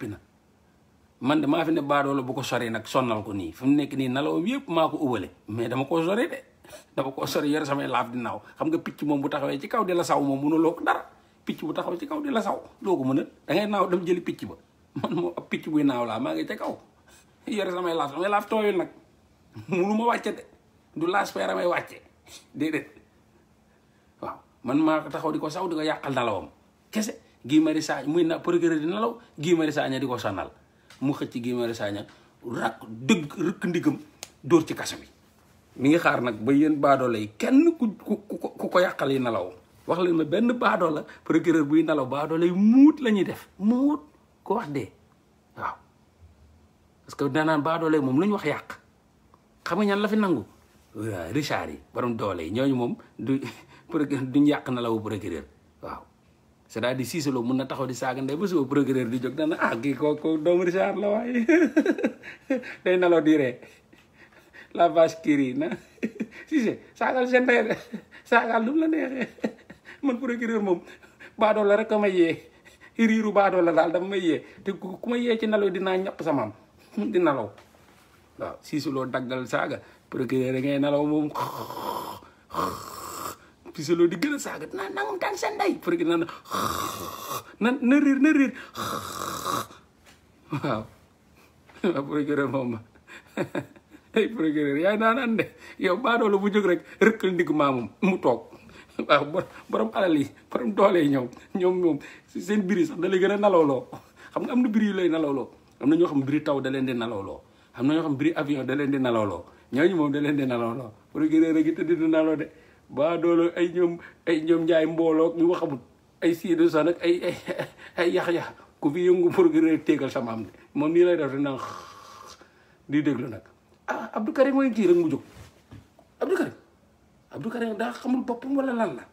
man dama fi ne baadoola bu ko sori nak sonnal ko ni fi nek ni nii yep mako ubele mais dama ko sori de dama ko sori yore samay laaf di naaw xam nga picc mom bu taxawé ci kaw di la saw mom munu lok dar picc bu taxaw ci kaw di saw ko da ngay naaw dem jeli picc ba man mo ab picc bu naaw laa ma ngay te kaw yore samay laaf samay laaf tooyul nak munu ma wacce de du laas feere may wacce dedet waaw man ma taxaw di saw diko yakal yàqal kesse kese Guy muy na procureur di nalaw Guy Marius Sagna di ko sonal mu xëcc Guy Marius Sagna rakk dëgg rëkk ndigam dóor ci kaso bi mi ngi xaar nag ba yéen baadoolo yi kenn ku ku ku ko yàqal yi nelaw wax leen ma benn baadoo la procureur buy nelaw baadoolo yi muut la ñuy def muut ko wax dee waaw parce que danaan baadoolo yi moom lu ñu wax yàq xam nga ñan la fi nangu waaw Richard yi borom doole yi ñooñu moom du duñ yàq bu procureur sera di sisi Lo muna na taxaw di saaga ndey ba suba procureur di jóg dana ah ko kooku doomu Richard la waaye day di la vache na Cissé saagal sa sendiri, de lu mu la neexee man procureur lara baadoo la rek a ma lara riiru baadoo la daal dama ma yee te ku ma yee ci nalaw dinaa ñàpp sa saga, di nalo waaw Cissé Lo daggal saga procureur ngay bisa lo digeret sakit nah nangun dan sendai pergi nana nerir nerir wow apa pergi dari mama hei pergi dari ya nana deh nah. ya baru lo bujuk rek rekel di kemamu mutok borom kali borom dole nyom nyom nyom sendiri biri lagi dale gana nalolo kamu nga amna biri lay nalolo nyom kamu beri biri taw dalen den nalolo amna ño beri biri avion dalen den nalolo ñoo ñu mom dalen den nalolo pour gëré ra gi tedd na lo de waa doolu ay ñoom ay ñoom njaay mbooloo ñu waxamul ay siidu sax nag ay ay ay ku fi yëngu progrès téegal sama am ne moom nii lay def di naan di déglu nag ah Abdou Karim mooy kii rek mu jóg Abdou Karim Abdou Karim xamul boppam wala lan la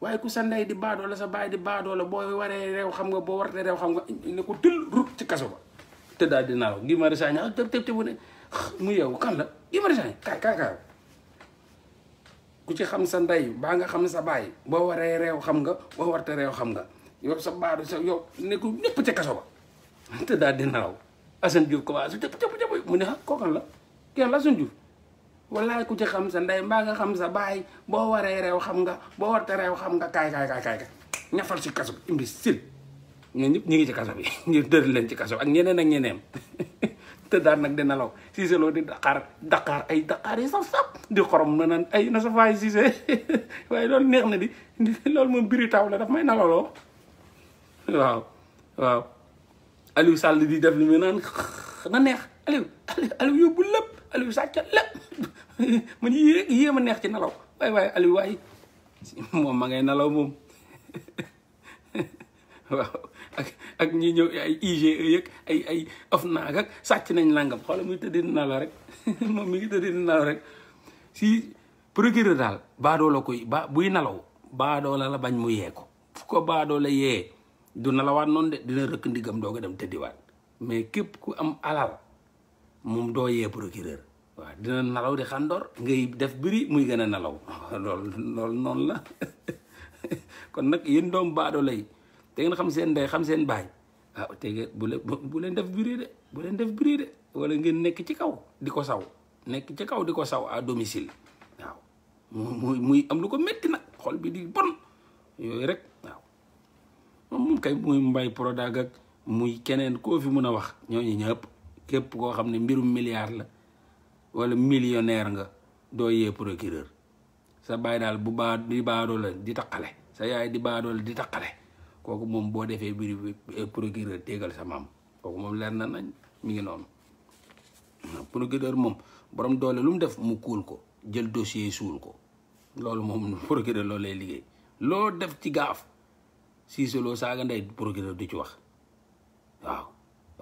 waaye ku sa ndey di baadoo la sa baay di baadoo la boo waree réew xam nga boo wartee rew xam nga ne ko tël rut ci kaso ba te daal di naaw Guy Marius Sagna tëb tëb tëb bu ne ah, mu yeewu kan la Guy Marius Sagna kaay kaay kaay ku ci xam sa ndey baa nga xam sa baay boo waree reew xam nga boo warte réew xam nga yow sa baadu sa yow nekkul ñëpp ca kaso daal di nelaw Assane Diouf commencé jëpp jëpp jëpp mu ne ah kookan la kenn la Assane Diouf walaay ku ci xam sa ndey mbaa nga xam sa baay boo waree reew xam nga boo warte réew xam nga kaay kaay kaay kaay ñafal si kaso bi imbécile ñun ñëpp ñu ngi ci kaso bi ngir dër leen ci kaso ak ñeneen ak ñeneen tëddaan nak di nelaw cisse Lo di Dakar Dakar ay eh, Dakar yi sap di xorom na naan ay eh, na sa fay cisse way lol neex na di lol mo biri taw la daf may nalaloo oh. waw waw Aliou Sall di def ni mu naan na neex Aliou Aliou yobul lepp Aliou sàcc lepp man yii rek yéem neex ci nalaw way way Aliou way mom ma ngay nalaw mom waw ak ak ñi ñëw ay IGE yëg ay ay OFNAC ak sàcc nañ nangam xoola muy tëddee na la rek moom mi na la rek si procureur daal baadoo la koy ba buy nalaw baadoo la la bañ mu yee ko fu ko baadoo la yee du nalawaat noonu de dina rëkk ndigam doo ko dem tëddiwaat mais képp ku am alal moom doo yee procureur waaw dina nalaw di xandoor ngay def biri muy gën a nalaw loolu loolu noonu la kon nag yéen doom baadoo lay te ngeen xam seen ndey xam seen baay ah bu leen bu leen def bruit de bu leen def bruit de wala ngeen nekk ci kaw di ko saw nekk ci kaw di ko saw a domicile muy am lu ko métti nag xol bi di bon yooyu rek waaw mu moom kay muy mbay Prodac ak muy keneen koo fi mun a wax ñooñu ñëpp képp koo xam ne mbirum milliard la wala millionnaire nga doo yee procureur sa baay daal bu baa di baadoo la di taqale sa yaay di baadoo la di taqale kooku moom boo defee mbir eh, procureur tégal sa maam kooku moom leer na nañ mi ngi noonu procureur moom borom doole lu mu def mu kuul ko jël dossier suul ko loolu moom procureur loolu lay liggéey loo def ci gaaf siiseloo saaga ndey procureur du ci wax waaw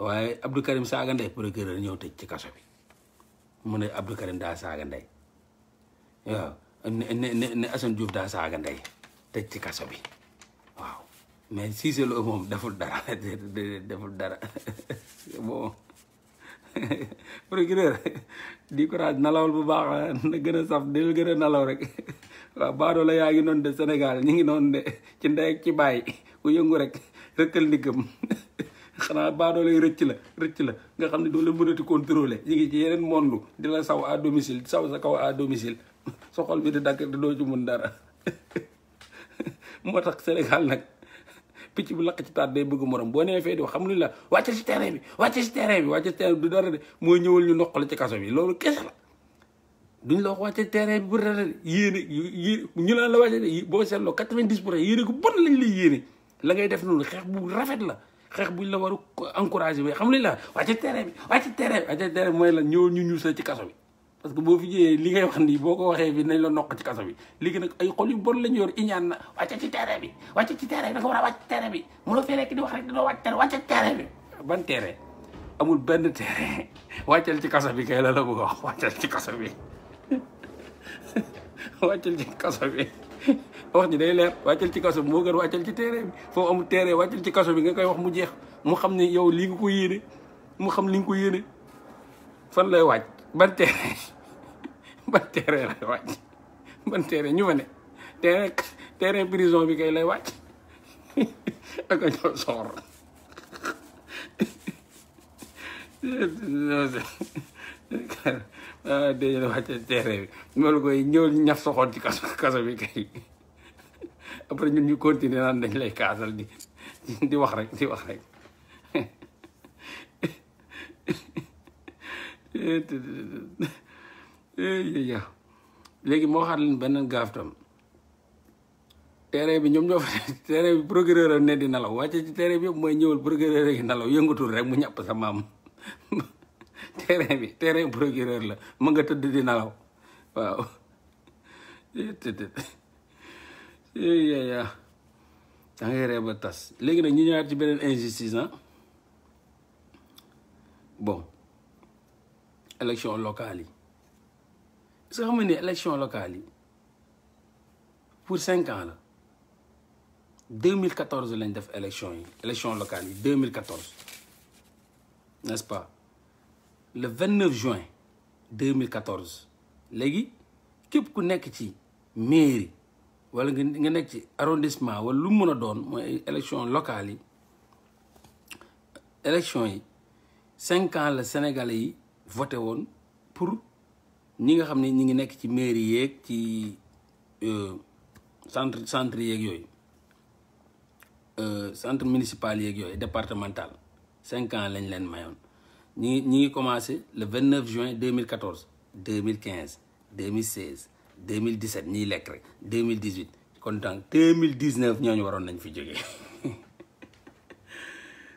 waaye Abdou Karim saaga ndey procureur ñëw tëj ci kaso bi mu ne Abdou Karim daa saaga ndey waaw ne ne ne daa saaga ndey tëj ci kaso bi mais Cissé Lo moom deful dara deful dara bon procureur di courage bu baax na gën a saf del gën a nalaw rek waaw baadoo la yaa ngi noonu de Sénégal ñu ngi noonu de ci ndey ci baay ku yëngu rek rëkkal ndiggam xanaa baadoo lay rëcc la rëcc la nga xam ne doo la mënati contrôler ñu ngi ci yeneen monde di la saw à domicile saw sa kaw à domicile soxol bi doo ci mun dara moo tax Sénégal nag picc bu lakk ci taat day bëgg morom boo nee fee di wax xam lu la wàcce si terrain bi wàcce si terrain bi wàcce si terrain bi du dara de mooy ñëwal bi la duñ la wax bi bu dara de yéene yéene ñu laan la wàcce boo seetloo quatre-vingt-dix pour cent lañ lay yéene la ngay def noonu xeex bu rafet la xeex buñ la war a encouragé xam lu la wàcce terrain bi wàcce terrain bi bi mooy la ñëwal ñu ñuusal ci kaso bi parce que boo fi jee li ngay wax nii boo ko waxee fii nañ la noq ci kaso bi léegi nag ay xol yu bon lañu yor iñaan na wàcce ci terrain bi wàcce ci terrain da nga a wàcc bi mu la fee nekk di wax rek dina wàcc ban terrain amul benn terrain ci kaso bi kay la la bëgg a ci kaso bi kaso bi ji day leer wàccal ci kaso bi moo gën wàccal ci terrain foo amul terrain wàccal ci kaso bi nga koy wax mu jeex mu xam ne yow lii nga ko yéene mu xam li ko yéene fan lay wàcc ban teere ban teere lay wàcc ban teere ñu fa ne teere teere prison bi kay lay wàcc ak ñoo soxor déedéet wàcce teere bi loolu koy ñëw ñax soxoon ci kaso kaso bi kay après ñun ñu continuer naan dañ lay kaasal di di wax rek di wax rek léegi moo waxaat leen beneen gaaf tam terrain bi ñoom ñoo fa terrain bi procureur am ne di nalaw wàcce ci terrain bi mooy ñëwal procureur yi nelaw rek mu ñàpp maam terrain bi terrain procureur la ma nga tëdd di nelaw waaw yéya da ngay ba tas léegi nag ñu ñëwaat ci beneen injustice ah bon élections locales. c'est vous une élection locale pour 5 ans 2014 l'année def élections, élections locales. 2014 nest ce pas le 29 juin 2014 les gars, qui est ci mairie wala nga arrondissement wala lu élection locale l'élection, ans les Sénégalais voté pour nous nga xamné ngi nek ci mairie ci euh, centre centre euh, centre municipal yek départemental cinq ans lañ leen Ni ni commencé le 29 juin 2014 2015 2016 2017 ni rek 2018 2019 ñu waron nañ fi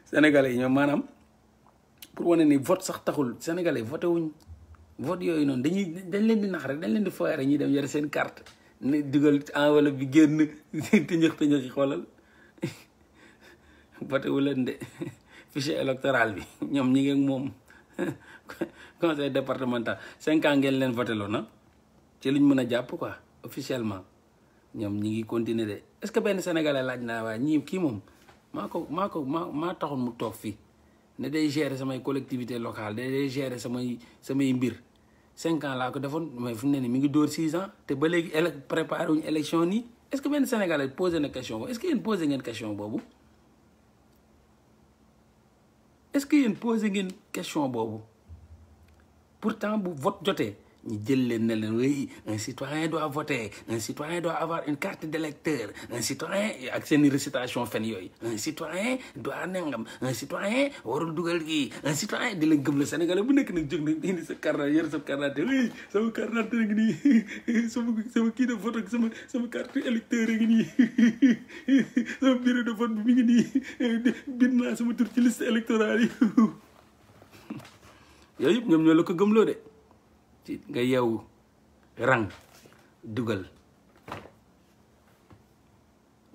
sénégalais yi manam pour wane ni vote sax taxul sénégalais voté wuñ vote yooyu noonu dañuy dañ leen di nax rek dañ leen di foyee rek ñuy dem yore seen carte ne dugal enveloppe bi génn tëñëx tëñëx yi xoolal voté wu leen de fichier électoral bi ñoom ñi ngi moom conseil départemental cinq ans ngeen leen vote loo na ah? ci luñ mën a jàpp ko officiellement ñoom ñi ngi continuer de est-ce que benn sénégalais laaj naa waaye ñii kii moom maa ko maa ko maa maa taxoon mu toog fii ne day gérer samay collectivité locale ne day gérer samay samay mbir cinq ans la ko defoon mais fu mu ne nii mi ngi dóor six ans te ba léegi ele préparé wuñu élection nii est-ce que benn Sénégalais posé na question boobu est-ce que yéen posé ce que yéen posé ngeen question boobu pourtant bu vote jotee ñu jël leen ne leen oui un citoyen doit voter un citoyen doit avoir une carte d'électeur un citoyen ak seen récitation fen yooyu un citoyen doit nangam un citoyen warul dugal kii un citoyen di leen gëm la Sénégalais bu nekk nag jóg nag indi sa carte yor sa carte oui sama carte ngi nii sama sama kii de vote sama sama carte électeur ngi nii sama bureau de vote bi mi ngi nii bind naa sama tur ci liste électorale yi yooyu yëpp ñoom ñoo la ko gëmloo de ci nga yeewu rang dugal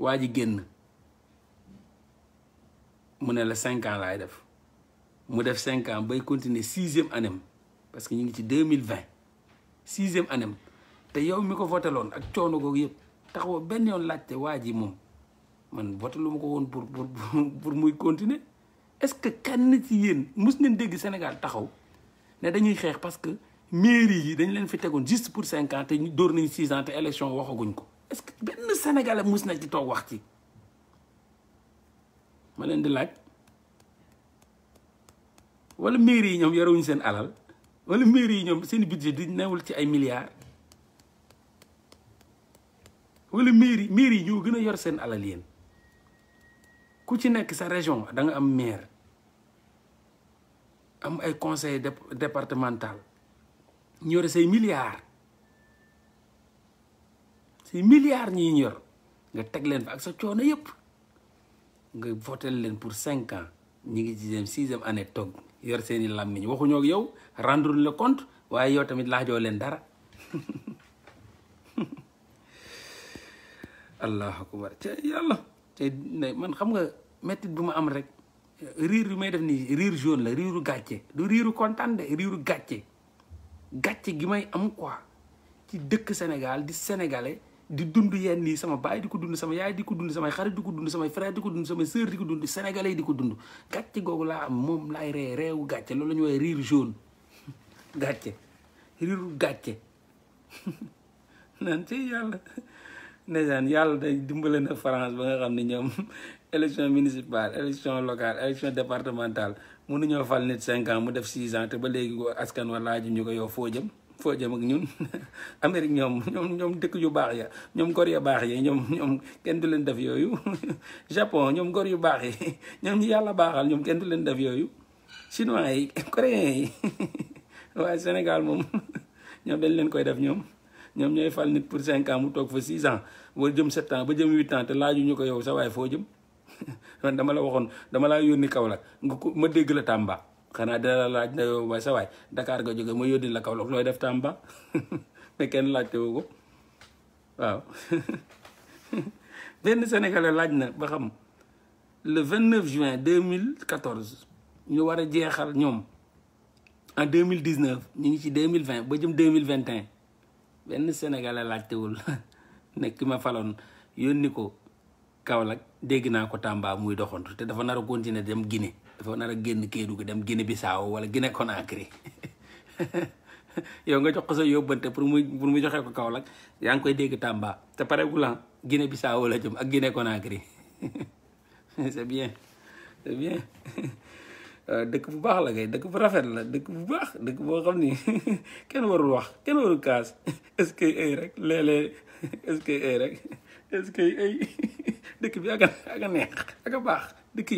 waa ji génn mu ne la cinq ans laay def mu def cinq ans bay continuer sixième année parce que ñu ngi ci deux mille vingt sixième année te yow mi ko voteloon ak coono googu yëpp taxawoo benn yoon laajte waa ji moom man votelu ma ko woon pour pour pour muy continuer est-ce que kenn ci yéen mus ngeen dégg Sénégal taxaw ne dañuy xeex parce mairie yi dañ leen fi tegoon juste pour cinq ans te ñu dóor nañ six ans te élection waxaguñ ko est-ce que benn sénégalais mus na ci toog wax ci ma leen di laaj wala mairie yi ñoom yorewuñu seen alal wala mairie yi ñoom seen budget di newul ci ay milliards wala mairie mairie yi ñoo gën a yor seen alal yéen ku ci nekk sa région danga am maire am ay conseil départemental ñu sa say milliards say ñi ñu nga teg leen fa ak sa coono yëpp nga votel leen pour cinq ans ñi ngi sixième sixième année toog yor seen i làmmiñ waxuñoo ak yow rendre le compte waaye yow tamit laajoo leen dara allahu akbar ca yàlla ca man xam nga mettit bu ma am rek riir yu may def nii riir jaune la riiru gàcce du riiru kontaan de gàcce gàcce gi may am quoi ci dëkk Sénégal di sénégalais di dund yenn yi sama baay di ko dund sama yaay di ko dund samay xarit di ko dund sama frère di ko dund samay sœur di ko dund sénégalais di ko dund gàcce googu laa am moom laay ree reewu gàcce loolu la ñu woowee rire jaune gàcce riiru gàcce naan ci yàlla ndeysaan yàlla day dimbale na France ba nga xam ne ñoom élection municipale élection locale élection départementale mënuñoo fal nit cinq ans mu def six ans te ba léegi askan wa laaju ñu ko yow foo jëm foo jëm ak ñun Amérique ñoom ñoom ñoom dëkk yu baax ya ñoom gor baax yi ñoom ñoom kenn du leen def yooyu Japon ñoom gor yu baax yi ñi yàlla baaxal ñoom kenn leen def yooyu chinois yi coréens yi waaye Sénégal moom ñoom dañ leen koy def ñoom ñoom ñooy fal nit pour cinq ans mu toog fa six ans ba jëm sept ba jëm huit ans te laaju ñu ko yow sa waay foo jëm man dama la waxoon dama laa yónni Kaolack nga ko ma dégg la tàmba xanaa dina la laaj na yow waay sa waay dakaar nga jóge ma yónni la Kaolack looy def Tamba ne kenn laajte woo ko waaw benn sénégalais laaj na ba xam le 29 juin 2014 ñu war a jeexal ñoom en 2019 ñu ngi ci mille 2020 ba jëm 2021 benn sénégalais laajtewul nekk ma faloon yónni ko Kaolack degna ko Tamba muy doxantu te dafa nara continuer dem guiné dafa nara genn kédu Kédougou dem guiné Bissau wala guiné Conakry yow nga jox ko sa yóbbante pour muy pour muy joxe ko kaw lak yang koy dégg Tamba te pareegul ah guiné Bissau la jëm ak guiné Conakry c'est bien c'est bien euh, dëkk bu baax la gay dëkk bu rafet la dëkk bu baax dëkk bo xamni ken waru wax ken waru kaas est-ce que ay rek lélé est-ce que ay rek est-ce que ay. dëkk bi ak a neex ak a baax dëkk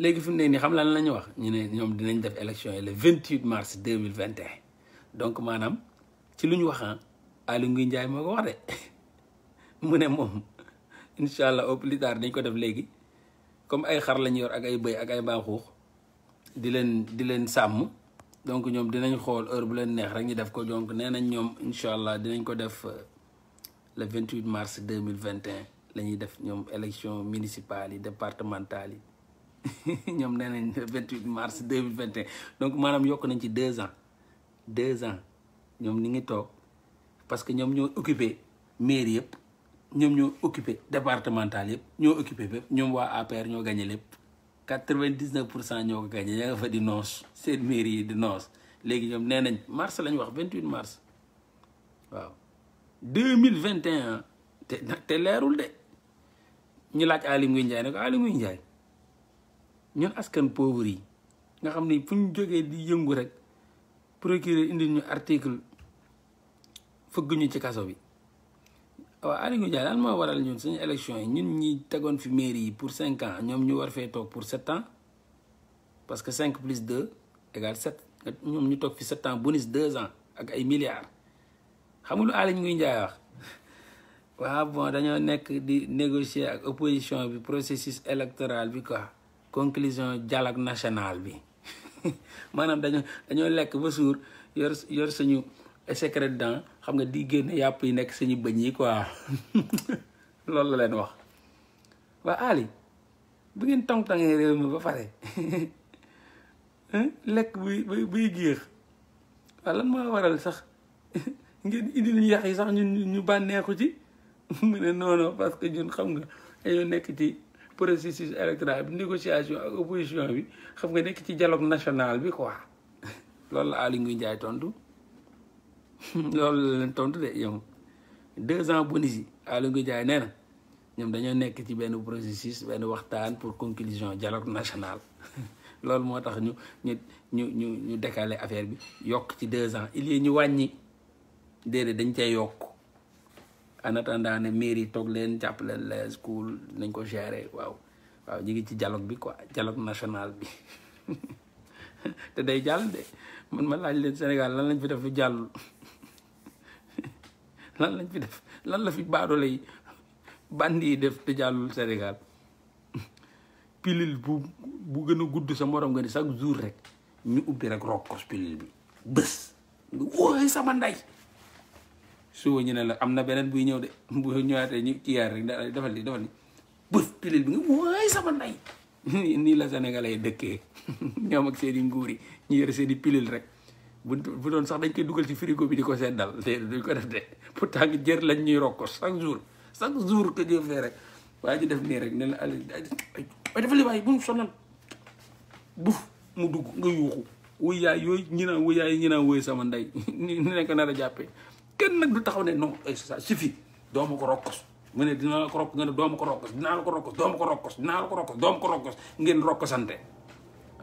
léegi fi mu nii xam lan la ñu wax ñu ne ñoom dinañ def élection yi le 28 mars 2021 donc maanaam ci lu ñu waxaan ah, Aliou Ngouille Ndiaye moo ko wax de mu ne moom incha allah au plus tard dañ ko def léegi comme ay xar lañu yor ak ay bëy ak ay baaxuux di leen di leen sàmm donc ñoom dinañ xool heure bu leen neex rek ñu def ko donc nee nañ ñoom incha allah dinañ ko def euh, le 28 mars 2021 nous avons def l'élection élection municipale départementale Nous le 28 mars 2021 donc madame, nous avons deux ans deux ans Nous sommes. ngi parce que nous ñoo occupé mairie nous occupés ñoo occupé départemental Nous ñoo occupé bépp Nous avons gagné lépp 99% gagné Nous nga fa C'est mairie de di noos léegi mars 28 mars Wow. deux mille vingt et te te leerul de ñu laaj Aly Ngouille Ndiaye ne ko Aly Ngouille Ndiaye ñun askan pauvre yi nga xam ni fu ñu jógee di yëngu rek procureur indi ñu article fëgg ñu ci kaso bi waaw Aly Ngouille Ndiaye lan moo waral ñun suñu élection yi ñun ñi tegoon fi mairie yi pour cinq ans ñoom ñu war fee toog pour sept ans parce que cinq plus deux égale sept ñoom ñu toog fi sept ans bonus deux ans ak ay milliards xam nga lu Aly Ngouille Ndiaye wax waaw bon dañoo nekk di négocier ak opposition bi processus électoral bi quoi conclusion dialogue national bi maanaam dañoo dañoo lekk ba suur yor yor suñu secret dent xam nga di génn yàpp yi nekk suñu bëñ yi quoi loolu la leen wax waa Aly bu ngeen tong-tongee réew mi ba pare lekk buy buy géex waaw lan moo waral sax ngeen indi ñu yàq yi sax ñun ñu bànneexu ci mu ne non parce que ñun xam nga dañoo nekk ci processus électoral bi négociation ak opposition bi xam nga nekk ci dialogue national bi quoi loolu la Aly Ngouille Ndiaye tontu loolu la leen tontu de yow deux ans bonus yi Aly Ngouille Ndiaye na ñoom dañoo nekk ci benn processus benn waxtaan pour conclusion dialogue national loolu moo tax ñu ñu ñu ñu décaler affaire bi yokk ci deux ans il est ñu wàññi. déedéet dañ cay yokk en attendant ne mairie toog leen jàppale les school dañ ko gérer waaw waaw ñu ngi ci dialogue bi quoi dialogue national bi te day jàll de man ma laaj leen Sénégal lan lañ fi def fi jàllul lan lañ fi def lan la fi baadoole yi bandi yi def te jàllul Sénégal pilil bu bu gën a gudd sa morom nga ni chaque jour rek ñu ubbi rek rokkos pilil bi bés woy sama ndey suba ñu ne la am na beneen buy ñëw de bu ñëwaatee ñu kii yaar rek daal defal li defal li bëf pilil bi nga waay sama ndey nii la senegal yi dëkkee ñoom ak seen i nguur yi ñu yore seen i pilil rek bu bu doon sax dañ koy dugal ci frigo bi di ko seddal te duñ ko def de pourtant ngi jër lañ ñuy rokkos chaque jour chaque jour que Dieu fait rek waa ji def nii rek ne la ay dafa li waay bu mu sonal mu dugg nga yuuxu wuyaay yooyu ñi naan wuyaay ñi naan woy sama ndey ni nekk nar a jàppee kenn nak du taxaw ne non eh, ça suffit doo ko rokkos mune dina la ko rokk nga ne ko rokkos dina la ko rokkos doo ko rokkos dina la ko rokkos doo ko rokkos ngeen rokkosante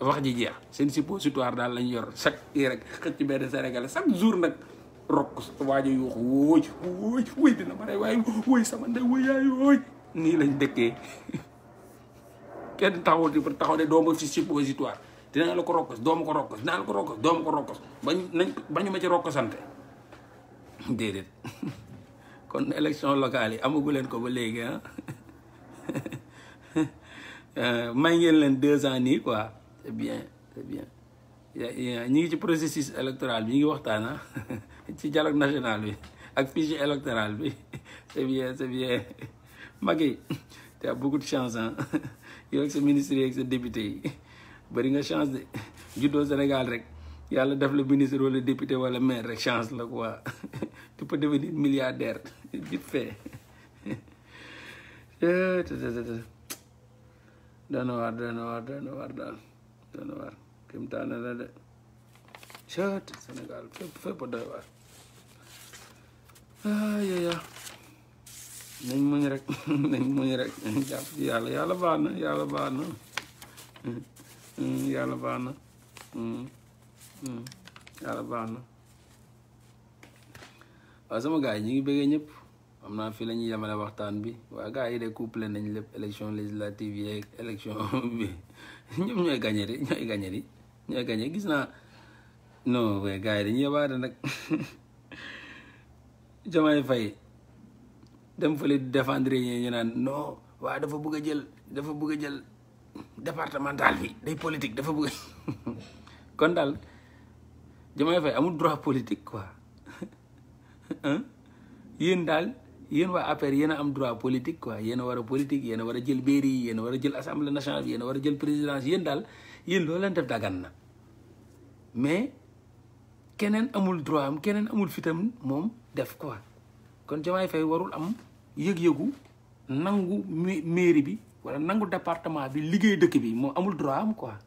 wax ji jeex seen suppositoire dal lañ yor chaque yi rek xëcc benn sénégal chaque jour nak rokkos waajo yuux wóoj wóoj wóoj dina bare way waaye sama ndey wóoj yaay wóoj ni lañ dekké kenn taxaw di taxaw ne doo ma fi suppositoire dina la ko rokkos doo ko rokkos dina la ko rokkos doo ko rokkos bañ nañ bañu ma ci rokkosante dédit kon élection locale yi amagu leen ko ba hein euh may ngeen len 2 ans ni quoi c'est bien c'est bien ñi ngi ci processus électoral bi ñi ngi waxtaan ah. ci dialogue national bi ak fiche électoral bi c'est bien c'est bien Macky t'as beaucoup de chance hein yow ak sa ministre yi ak sa député yi bëri nga chance de juddoo Sénégal rek yàlla def la ministre wala député wala maire rek chance la quoi tu peux devenir milliardaire vite fait eh, dana waar dana waar dana waar daal la de chat Sénégal fépp fépp doy waar ayaya ah, nañ muñ rek yàlla yàlla baax na yàlla baax na mm, yàlla baax na mm. Hmm. yàlla baax na waaw sama gars yi ñu ngi bëggee ñëpp xam naa fii la ñuy yemale waxtaan bi waaye gars yi de couplé nañ lépp élection législative yeeg élection bi ñoom ñooy gagné di ñooy gagné di ñooy gagné gis naa non mais gars yi dañuy yabaate nag Diomaye Faye dem fële di défendre yi ñu naan non waaye dafa bëgg a jël dafa bëgg jël départemental bi day politique dafa bëgg Diomaye Faye amul droit politique quoi yéen daal yéen waa APR yéen am droit politique quoi yéen a war a politique yéen a war a jël mairie yi yéen a war a jël assemblée nationale bi yéen a war a jël présidence yéen daal yéen loolu leen def dagan na mais keneen amul droit am keneen amul fitam moom def quoi kon Diomaye Faye warul am yëg-yëgu nangu mairie bi wala nangu département bi liggéey dëkk bi moom amul droit am quoi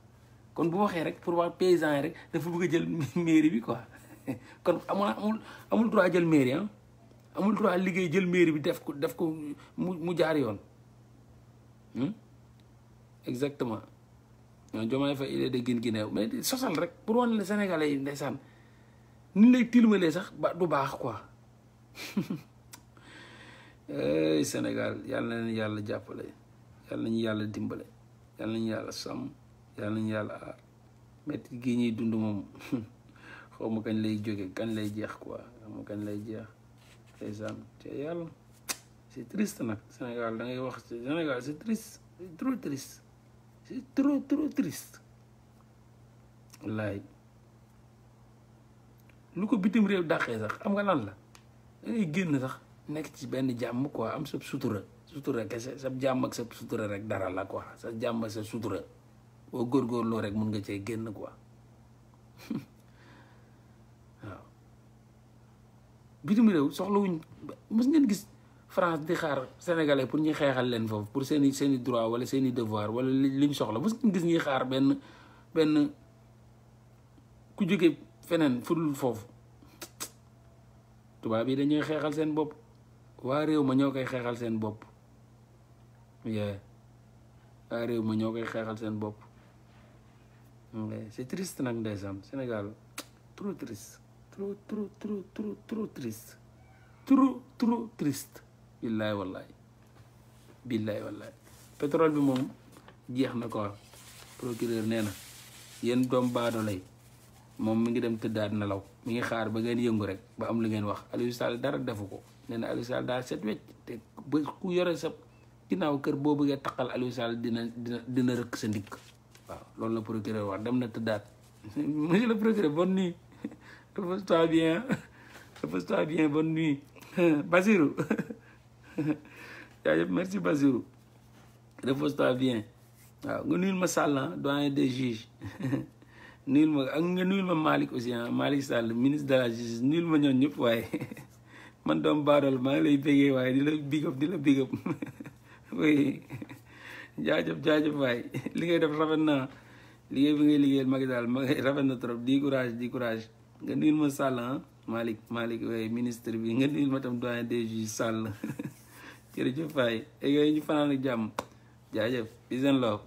kon bu waxee rek pour waa paysan yi rek dafa bëgg a jël mairie bi quoi kon amul amul amul droit jël mairie ah amul droit liggéey jël mairie bi def ko def ko mu mu jaar yoon hmm? exactement ñoom Diomaye Faye il est de Guinguinéo mais sosal rek pour wane ne Sénégalais yi ndeysaan ni lay tilimalee sax du baax quoi Sénégal yàlla na leen yàlla jàppale yàlla nañu yàlla dimbale yàlla nañu yàlla sàmm yàlla nañu yàlla aar métti gi ñuy dund moom xaw ma kañ lay jóge kañ lay jeex quoi xaw ma kañ lay jeex ndeysaan te yàlla c'est triste nag Sénégal da ngay wax Sénégal c'est triste c'est trop triste c'est trop trop triste wallaay lu ko bitim réew dàqee sax xam nga lan la dangay génn sax nekk ci benn jàmm quoi am sa sutura sutura kese sa jàmm ak sa sutura rek dara la quoi sa jàmm ak sa sutura boo góorgóorloo rek mun nga cee génn quoi waaw bitim réew soxlawuñ mos ngeen gis France di xaar sénégalais pour ñu xeexal leen foofu pour seeni seeni droit wala seeni devoir wala liñ soxla mos ngeen gis ñuy xaar benn benn ku jóge feneen fudul foofu tubaab yi dañuy xeexal seen bopp waa réew ma ñoo koy xeexal seen bopp waa réew ma ñoo koy xeexal seen bopp c'est triste nag ndeysaan Sénégal trop triste trop trop trop trop trop triste trop trop triste billahi wallahi billahi wallahi pétrole bi mom diex na ko procureur nena yen dom doom baado lay mom mi ngi dem na law mi ngi xaar ba ngeen yëngu rek ba am lu ngeen wax Aliou Sall dara defuko nena Aliou Sall da set wecc te ku yore sa ginaaw kër bo bëggee takal Aliou Sall dina dina rek sa ndik waaw loolu la procureur wax dem na tëddaat monsieur le procureur bonne nuit repose-toi bien repose-toi bien bonne nuit Basirou merci Basirou repose-toi bien Nul nga salle, ma Sall ah, doyen des juges Nul ma ak nga ma aussi ah salle, ministre de la justice Nul ma ñoon ñëpp waaye man doom baadool maa ngi lay bégee waaye big up di la big up oui jaajëf jaajëf waay li ngay def rafet na liggéey bi ngay liggéeyal Macky Sall ma rafet na trop di courage di courage nga nuyu ma Sall ah Malick Malick waay ministre bi nga nuyu ma tam doyen des juges Sall jërëjëf waay yooyu ñu fanaan ak jàmm jaajëf peace and love